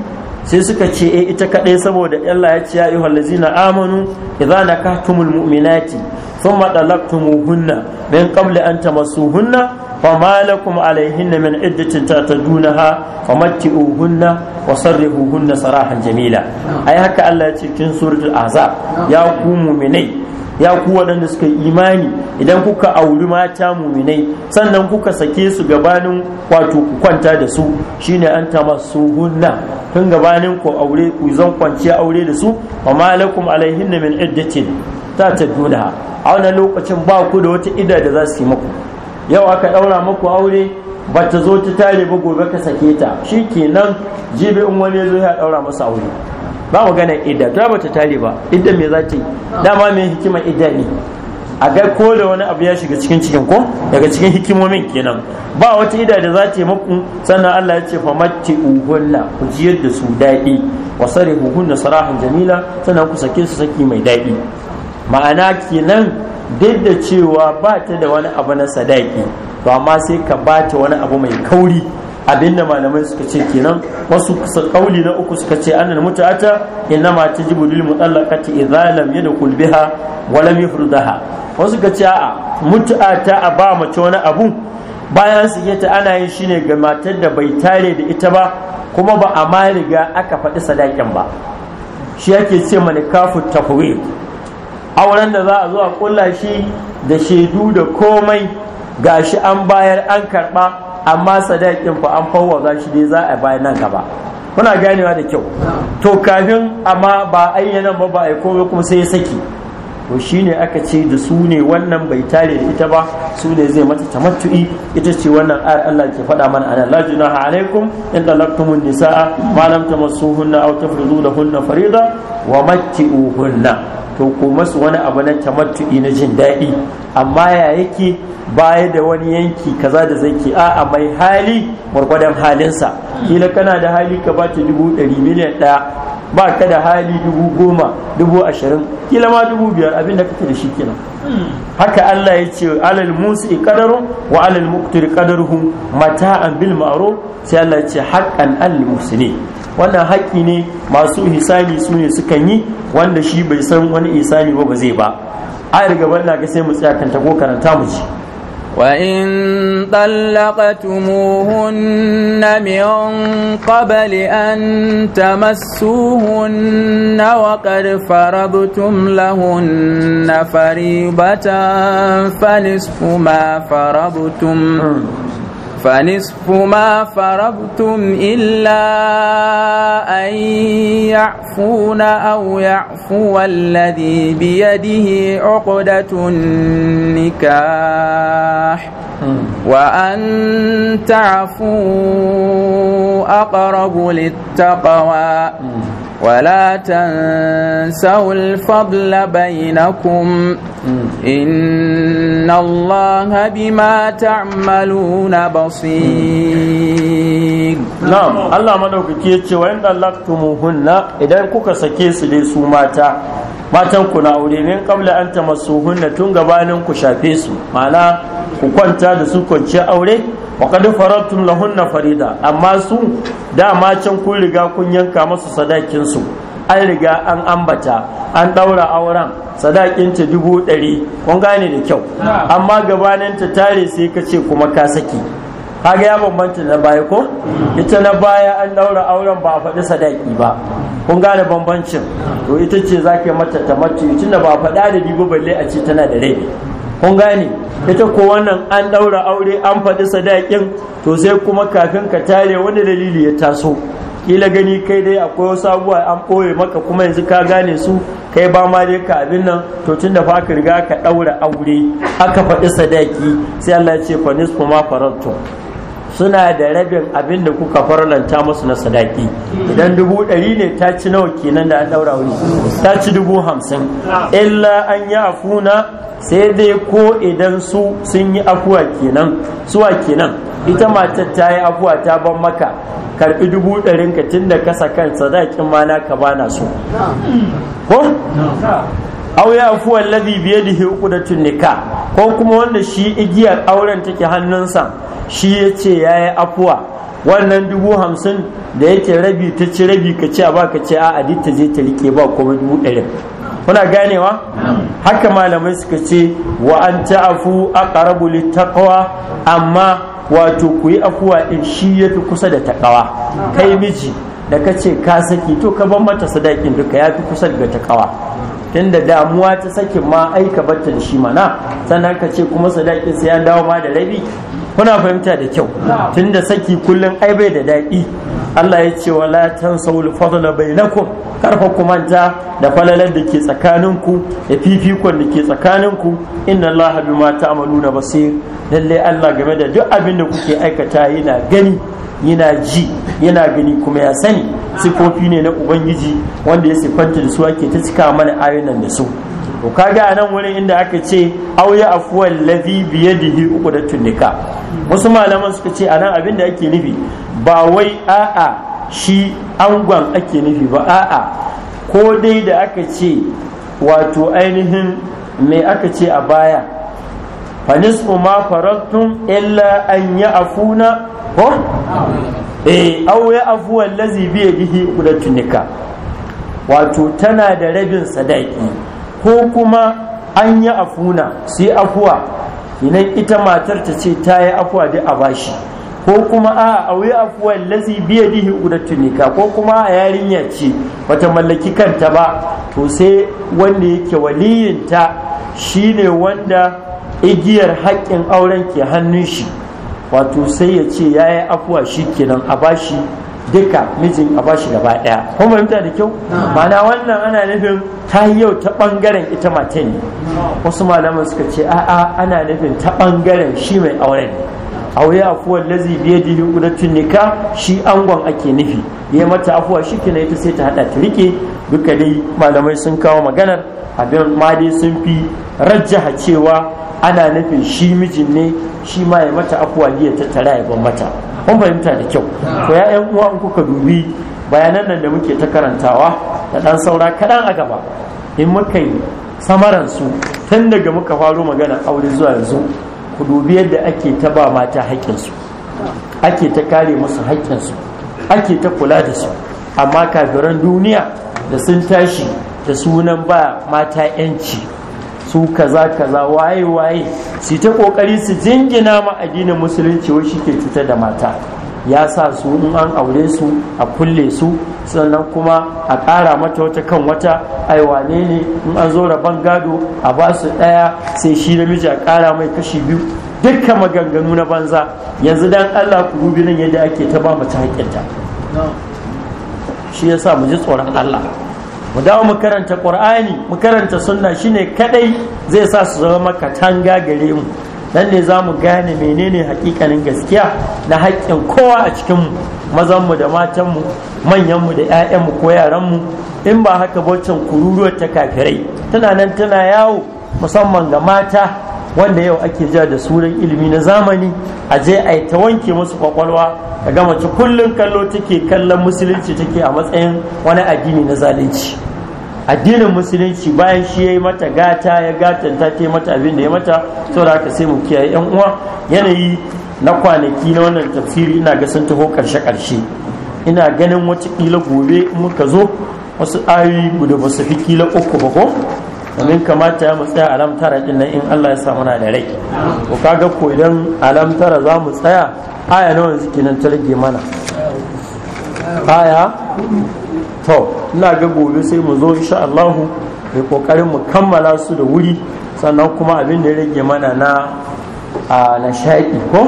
sai suka ce eh ita kadai saboda Allah ya ce ya ayyuhal ladzina amanu idza nakahtumul mu'minati thumma talaqtumuhunna min qabli an tamassuhunna fama lakum na min iddatin tatadunaha famatti'uhunna wa sarrihuhunna sarahan jamila ai haka Allah ya ce cikin suratul azab ya ku mu'minai ya ku waɗanda suka yi imani idan kuka auri mata muminai sannan kuka sake su gabanin wato ku kwanta da su shine an hunna tun gabanin ku aure ku zan kwanciya aure da su wa malakum alaihinna min iddatin ta duna a wannan lokacin ba ku da wata idda da za su yi muku yau aka ɗaura muku aure ba ta zo ta tare ba gobe ka sake ta shi kenan jibi in wani ya zo ya ɗaura masa aure ba magana idda ta bata tare ba idda me za ta yi dama me hikimar idda ne a ga ko da wani abu ya shiga cikin cikin ko daga cikin hikimomin kenan ba wata idda da za ta yi muku sannan Allah ya ce fa matti uhunna ku jiyar da su daɗi wa sarihu sarahan jamila sannan ku sake su saki mai daɗi ma'ana kenan duk da cewa ba ta da wani abu na sadaki to amma sai ka ba ta wani abu mai kauri abinda malamai suka ce kenan wasu kauli na uku suka ce annal mut'ata innama tajibu lil mutallaqati idza lam yadkhul biha wa lam yufridaha wasu suka ce a mut'ata a ba mace wani abu bayan su ta ana yin shi ga matar da bai tare da ita ba kuma ba a ma riga aka faɗi sadakin ba shi yake ce mani kafu tafwi auren da za a zo a kulla shi da shaidu da komai gashi an bayar an karɓa amma sadakin fa an fawwaza shi dai za a bayan nan gaba muna ganewa da kyau to kafin amma ba ayyana ba ba ai komai kuma sai ya saki to shine aka ce da su ne wannan bai tare da ita ba su ne zai mata tamattu'i ita ce wannan ayar Allah ke faɗa mana ana la junaha alaikum in talaqtumun nisaa ma lam tamassuhunna aw tafridu lahunna farida wa matti'uhunna to ko masu wani abu na tamattu'i na jin daɗi amma ya yake baya da wani yanki kaza da zaki a mai hali gwargwadon halinsa kila kana da hali ka bata dubu ɗari miliyan ɗaya ba ka da hali dubu goma dubu ashirin kila ma dubu biyar abinda kake da shi kenan haka Allah ya ce alal musi qadarun wa alal muqtir mata an bil ma'ruf sai Allah ya ce haqqan al muslimin wannan haƙƙi ne masu hisani su ne sukan yi wanda shi bai san wani hisani ba ba zai ba ayar gaban na ga sai mu tsaya kan ko karanta mu ji وإن طلقتموهن من قبل أن تمسوهن وقد فرضتم لهن فريضة فنصف ما فرضتم فنصف ما فرضتم إلا أن يعفون أو يعفو الذي بيده عقدة النكاح آه. وأن تعفوا أقرب للتقوى آه. ولا تنسوا الفضل بينكم إن الله بما تعملون بصير نعم الله مدوك كيتشي وإن طلقتموهن su كوكا سكيس لسوماتا matan ku na aure min kabla an tamassuhunna tun gabanin ku shafe su ma'ana ku kwanta da su kwanciya aure wa farautun lahunna farida amma su dama can kun riga kun yanka musu sadakin su an riga an ambata an ɗaura auren sadakin ta dubu ɗari kun gane da kyau amma gabanin ta tare sai ka ce kuma ka sake kaga ya bambanta na baya ko ita na baya an ɗaura auren ba a faɗi sadaki ba kun gane bambancin to ita ce zaka mata ta mace tunda ba a faɗa da bibu balle a ce tana da rabi kun gane ita ko wannan an ɗaura aure an faɗi sadakin to sai kuma kafin ka tare wani dalili ya taso kila gani kai dai akwai wasu abubuwa an ɓoye maka kuma yanzu ka gane su kai ba ma dai ka abin nan to tun da fa ka riga ka ɗaura aure aka faɗi sadaki sai Allah ya ce fa nisfu ma faratu suna da rabin abin da kuka farlanta musu na sadaki idan dubu ɗari ne ta ci nawa kenan da an ɗaura wuri ta ci dubu hamsin illa an yi afuna sai dai ko idan su sun yi afuwa kenan suwa kenan ita matar ta yi afuwa ta ban maka karbi dubu ɗarin ka tun da kasa kan sadakin ma na ka bana su, ko aw ya afu alladhi bi yadihi uqdatun tunika ko kuma wanda shi igiyar auren take hannunsa shi yace yayi afuwa wannan dubu hamsin da yake rabi ta ci rabi ka ce ba ka ce a aditta zai ta rike ba kuma dubu ɗari kuna ganewa haka malamai suka ce wa an ta'afu aqrabu littaqwa amma wato ku yi afuwa ɗin shi yafi kusa da takawa kai miji da kace ka saki to ka ban mata sadakin duka yafi kusa da takawa tunda damuwa ta sakin ma aika batta da shi mana sannan ka ce kuma sadakin sai ya dawo ma da rabi kuna fahimta da kyau tunda saki kullum ai bai da daɗi Allah ya ce wala saul fadla bainakum karfa ku manta da falalar da ke tsakaninku da fifikon da ke tsakaninku inna Allah bima ta'maluna basir lalle Allah game da duk abin da kuke aikata yana gani yana ji yana gani kuma ya sani sifofi ne na ubangiji wanda ya siffanta da su ake ta cika mana ayunan da su to kaga a nan wurin inda aka ce auya da ladhi uku da tunika wasu malaman suka ce anan abin da ake nufi ba wai a'a shi angon ake nufi ba a'a ko dai da aka ce wato ainihin me aka ce a baya fanisku ma farattum illa an yi afuna ko eh aw afuwar afu wato tana da rabin sadaki ko kuma an yi afuna sai afuwa idan ita matar ta ce ta yi afuwa da a bashi ko kuma a auyi afuwa lazi biya dihi da tunika ko kuma a yarinya ce bata mallaki kanta ba to sai wanda yake waliyinta shine wanda igiyar haƙƙin auren ke hannun shi wato sai ya ce ya yi afuwa shi kenan a bashi duka mijin a bashi gaba daya Kuma fahimta da kyau mana wannan ana nufin ta yau ta ɓangaren ita mata ne wasu malaman suka ce a'a ana nufin ta bangaren shi mai auren aure afuwar lazi biye da hukudatun nika shi angon ake nufi ya mata afuwa shi kenan ita sai ta hada ta rike duka dai malamai sun kawo maganar abin ma dai sun fi rajjaha cewa ana nufin shi mijin ne shi ma ya mata afuwa ya tattara ya ban mata kun fahimta da kyau ko ya yan uwa in kuka dubi bayanan nan da muke ta karantawa da dan saura kaɗan a gaba in muka yi samaran tun daga muka faro magana aure zuwa yanzu ku dubi yadda ake ta ba mata haƙƙinsu ake ta kare musu haƙƙinsu ake ta kula da su amma kafiran duniya da sun tashi da sunan ba mata 'yanci su kaza kaza waye waye su ta kokari su jingina ma addinin musulunci wai shi ke cutar da mata ya sa su in an aure su a kulle su sannan kuma a ƙara mata wata kan wata ai wane ne in an zo rabon gado a ba su ɗaya sai shi miji a ƙara mai kashi biyu dukka maganganu na banza yanzu dan Allah ku dubi nan yadda ake ta ba mace haƙƙinta shi yasa mu ji tsoron Allah mu dawo mu karanta qur'ani mu karanta sunna shine kadai zai sa su zama katanga gare mu dan ne za mu gane menene hakikanin gaskiya na haƙƙin kowa a cikin mu mazan mu da matan mu manyan mu da ƴaƴan mu ko yaran mu in ba haka bocin kururuwar ta kafirai tana nan tana yawo musamman ga mata wanda yau ake ja da sunan ilimi na zamani a je a yi ta wanke musu kwakwalwa a gama ci kullum kallo take kallon musulunci take a matsayin wani addini na zalunci addinin musulunci bayan shi ya yi mata gata ya gatanta ta mata abin da ya mata da haka sai mu kiyaye yan uwa yanayi na kwanaki na wannan tafsiri ina ga sun taho karshe karshe ina ganin wata kila gobe muka zo wasu ayoyi guda ba su fi kila uku ba ko domin kamata ya mu tsaya alamtara tara din nan in Allah ya sa muna da rai ko kaga ko idan alam za mu tsaya aya nawa suke nan ta rage mana aya to ina ga gobe sai mu zo insha Allah mai kokarin mu kammala su da wuri sannan kuma abin da ya rage mana na a na shaƙi ko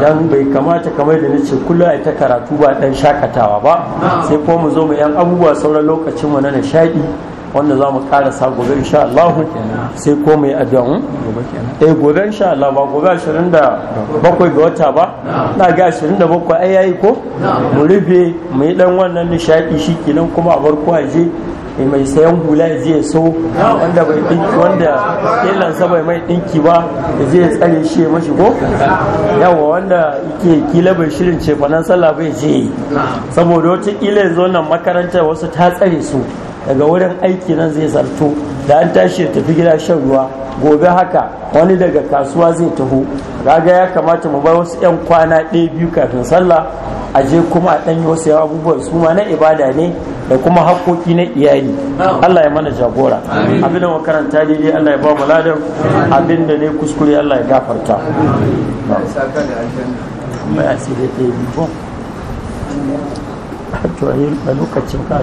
dan bai kamata kamar da nace kullum ai ta karatu ba dan shakatawa ba sai ko mu zo mu yan abubuwa sauran lokacin mu na na wanda za mu kara sa gobe insha Allah sai ko mai addu'a hmm? eh gobe insha Allah ba gobe 27 ga wata ba na ga 27 ai yayi ko mu rufe mu yi dan wannan nishadi shikenan kuma a bar je mai sayan hula ya je so wanda bai dinki wanda ilansa bai mai dinki ba ya je ya tsare shi ya mashi ko yawa wanda ke kila bai shirin ce fanan sallah bai je saboda wata kila zo nan makarantar wasu ta tsare su daga wurin aiki nan zai zarto da an tashi ya tafi gida shan ruwa gobe haka wani daga kasuwa zai taho raga ya kamata mu bar wasu 'yan kwana ɗaya biyu kafin sallah a je kuma a ɗanyi wasu yawa abubuwan su ma na ibada ne da kuma haƙoƙi na iyali Allah ya mana jagora abin da makaranta daidai Allah ya ba mu ladar abin da ne kuskure Allah ya gafarta a lokacin ka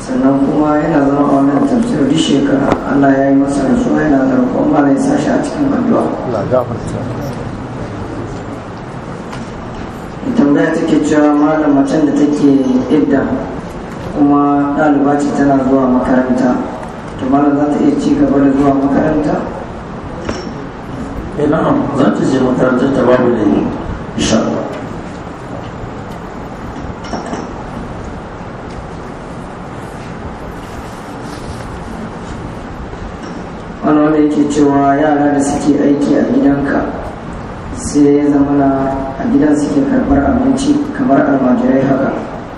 sannan kuma yana zama a wannan tafsir duk shekara Allah ya yi masa rasuwa yana da roƙon mara ya sashi a cikin addu'a tambaya take cewa malam macen da take idda kuma ɗaliba ce tana zuwa makaranta to malam za ta iya ci gaba da zuwa makaranta eh na'am za ta je makarantar ta babu da insha Allah wanda yake cewa yara da suke aiki a gidanka sai ya zama na a gidan suke karɓar abinci kamar almajirai haka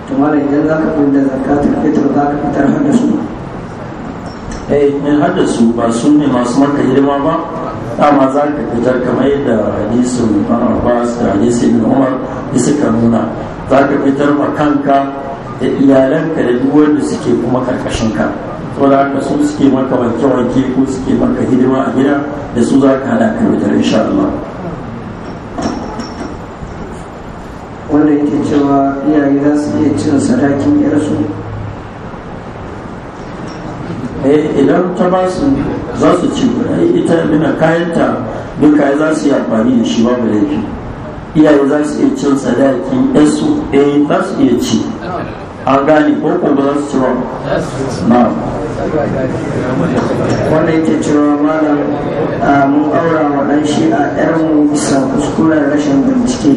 to mana idan za ka fitar da zakatul za ka fitar hada su eh in hada su ba su ne masu maka hidima ba dama za ka fitar kamar yadda hadisin ibn abbas da hadisu ibn umar da suka nuna za ka fitar ma kanka da iyalanka da duk wanda suke kuma karkashin ka saboda ka su suke maka wanke wanke ko suke maka hidima a gida da su za ka hada ka fitar insha Allah wanda yake cewa iyaye za su iya cin sadakin yarsu eh, idan ta ba su za su ci ita nuna kayanta duka za su yi amfani da shi babu laifi iyaye za su iya cin sadaki 'yarsu eh za su iya ci an gane ko kuma za su ci ba wannan yake cewa malam ah, mun aura wa ɗan shi a ƴarmu bisa kuskuren rashin bincike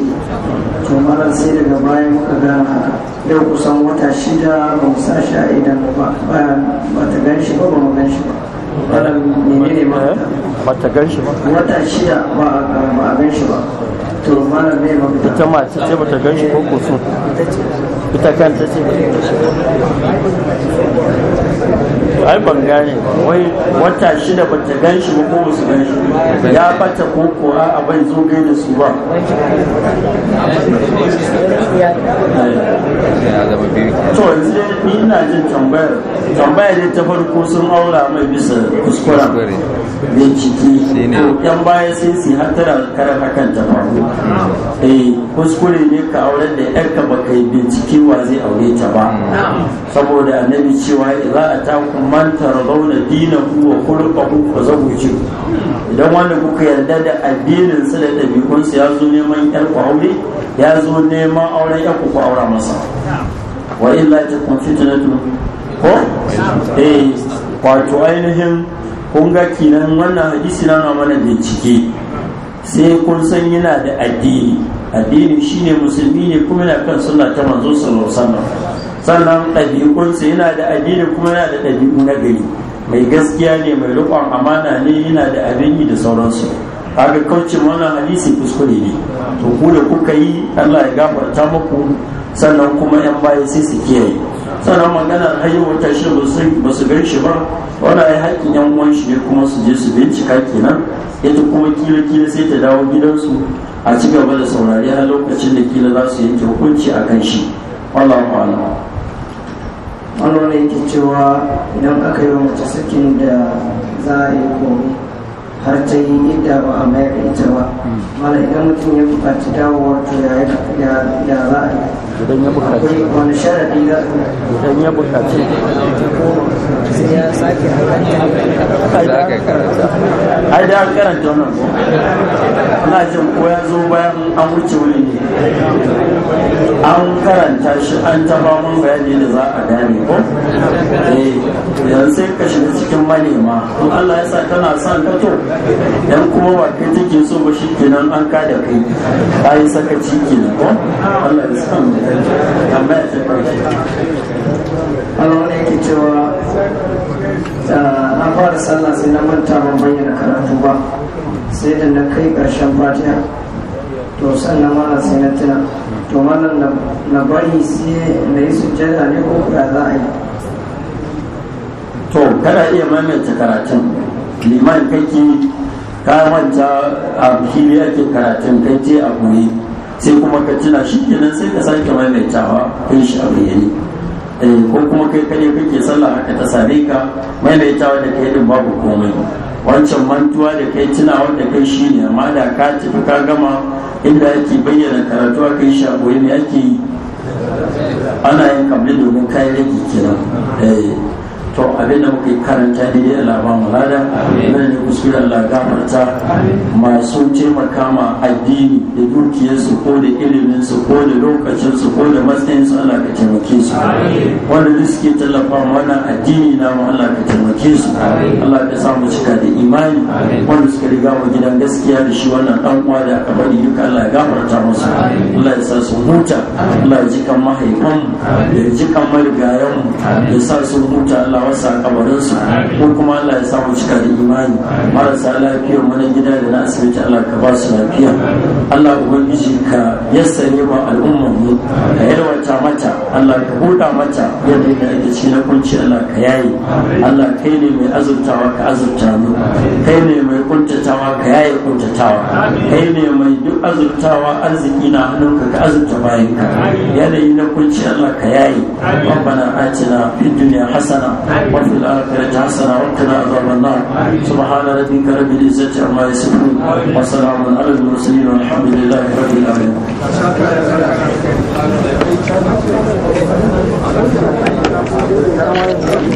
to malam sai daga baya muka gane haka yau kusan wata shida ba mu sa shi a idan ba ta gan shi ba ba mu gan shi ba malam ma eh? ba ta gan shi ba wata shida ba a gan shi ba ita ma mace ce bata gan shi ko ko kusu ita kan ta ce ai ban gane wai wata shida bata gan shi ko ko su gan shi ya bata ko ko a abin zo gai da su ba to yanzu ni ina jin tambayar tambayar ne ta farko sun aura mai bisa kuskura ne ciki ko yan baya sai su hatara karar hakan ta faru eh kuskure ne ka aure da yarka ba kai bincike wa zai aure ta ba saboda annabi cewa idza dina kuwa tarzawna ku wa zabu fazawwiju idan wanda kuka yarda da addinin su da ɗabi'un su ya zo neman yar ku aure ya zo neman aure yar ku aura masa wa illa takun fitnatu ko eh wato ainihin kun ga kinan wannan hadisi na mana bincike sai kun san yana da addini addini shine musulmi ne kuma yana kan suna ta manzo sallallahu alaihi sannan ɗabi'unsa yana da addini kuma yana da ɗabi'u na gari mai gaskiya ne mai riƙon amana ne yana da abin yi da sauransu kaga kauce wannan hadisi kuskure ne to ku da kuka yi Allah ya gafarta muku sannan kuma yan baya sai su kiyaye sannan maganar haihuwar wata shi ba su gan shi ba wanda ya haƙi yan uwan shi ne kuma su je su bincika kenan ita kuma kila kila sai ta dawo gidansu a ci gaba da saurari har lokacin da kila za su yanke hukunci a kan shi wallahu a'lam wannan yake cewa idan aka yi wa mace sakin da za a yi komai har ta yi idda ba a mayar da ita ba wala idan mutum ya buƙaci dawowar to ya ya za a yi idan ya buƙaci wani sharadi za a idan ya buƙaci sai ya sake ai da karanta wannan ina jin ko ya zo bayan an wuce wani an karanta shi an taba mun bayani da za a gane ko eh yanzu sai ka shiga cikin manema in Allah ya sa kana son ka to dan kuma ba kai take so ba shi kenan an ka da kai saka ciki ne ko Allah ya sa mu amma ya tabbata Allah ne ke cewa ah, a fara sallah sai na manta ban bayyana karatu ba sai da na kai karshen fatiha to sannan mana sai na tuna to mana na bari sai na yi sujjada ne ko ya za a yi to kada iya maimaita karatun liman kake ka manta a fili ake karatun kai ce a koyi sai kuma ka tuna shi kenan sai ka sake maimaitawa kai shi a bayyane eh, ko kuma kai kane kake sallah haka ta same ka maimaitawa da kai din babu komai wancan mantuwa da kai tuna wanda kai shi ne amma da ka tafi ka gama inda ake bayyana karatu aka yi a ne ake ana yin kamar domin kayan rage kenan eh. to abinda da muka karanta ne da labar mu lada ne kuskure Allah gafarta masu taimaka ma addini da dukiyarsu ko da ilimin su ko da lokacin su ko da matsayin su Allah ka taimake su wanda duk suke tallafa ma wannan addini na mu Allah ka taimake su Allah ka samu cika da imani wanda suka riga mu gidan gaskiya da shi wannan dan uwa da aka bari duka Allah ya gafarta musu Allah ya sa su huta Allah ya ji kan mahaifan ya ji kan marigayen ya sa su huta Allah masa kabarinsu ko kuma Allah ya samu cika da imani marasa lafiyar mana gida da na asibiti Allah ka ba su lafiya Allah ubangiji ka yassare ma al'umma mu ka yarwata mata Allah ka huda mata yadda da ake ci na kunci Allah ka yaye Allah kai ne mai azurtawa ka azurta mu kai ne mai kuntatawa ka yaye kuntatawa kai ne mai duk azurtawa arziki na hannunka ka azurta bayanka yanayi na kunci Allah ka yaye ربنا آتنا في الدنيا حسنة وفي الآخرة حسنة وقنا عذاب النار سبحان ربك رب العزة عما يصفون وسلام على المرسلين والحمد لله رب العالمين Thank you.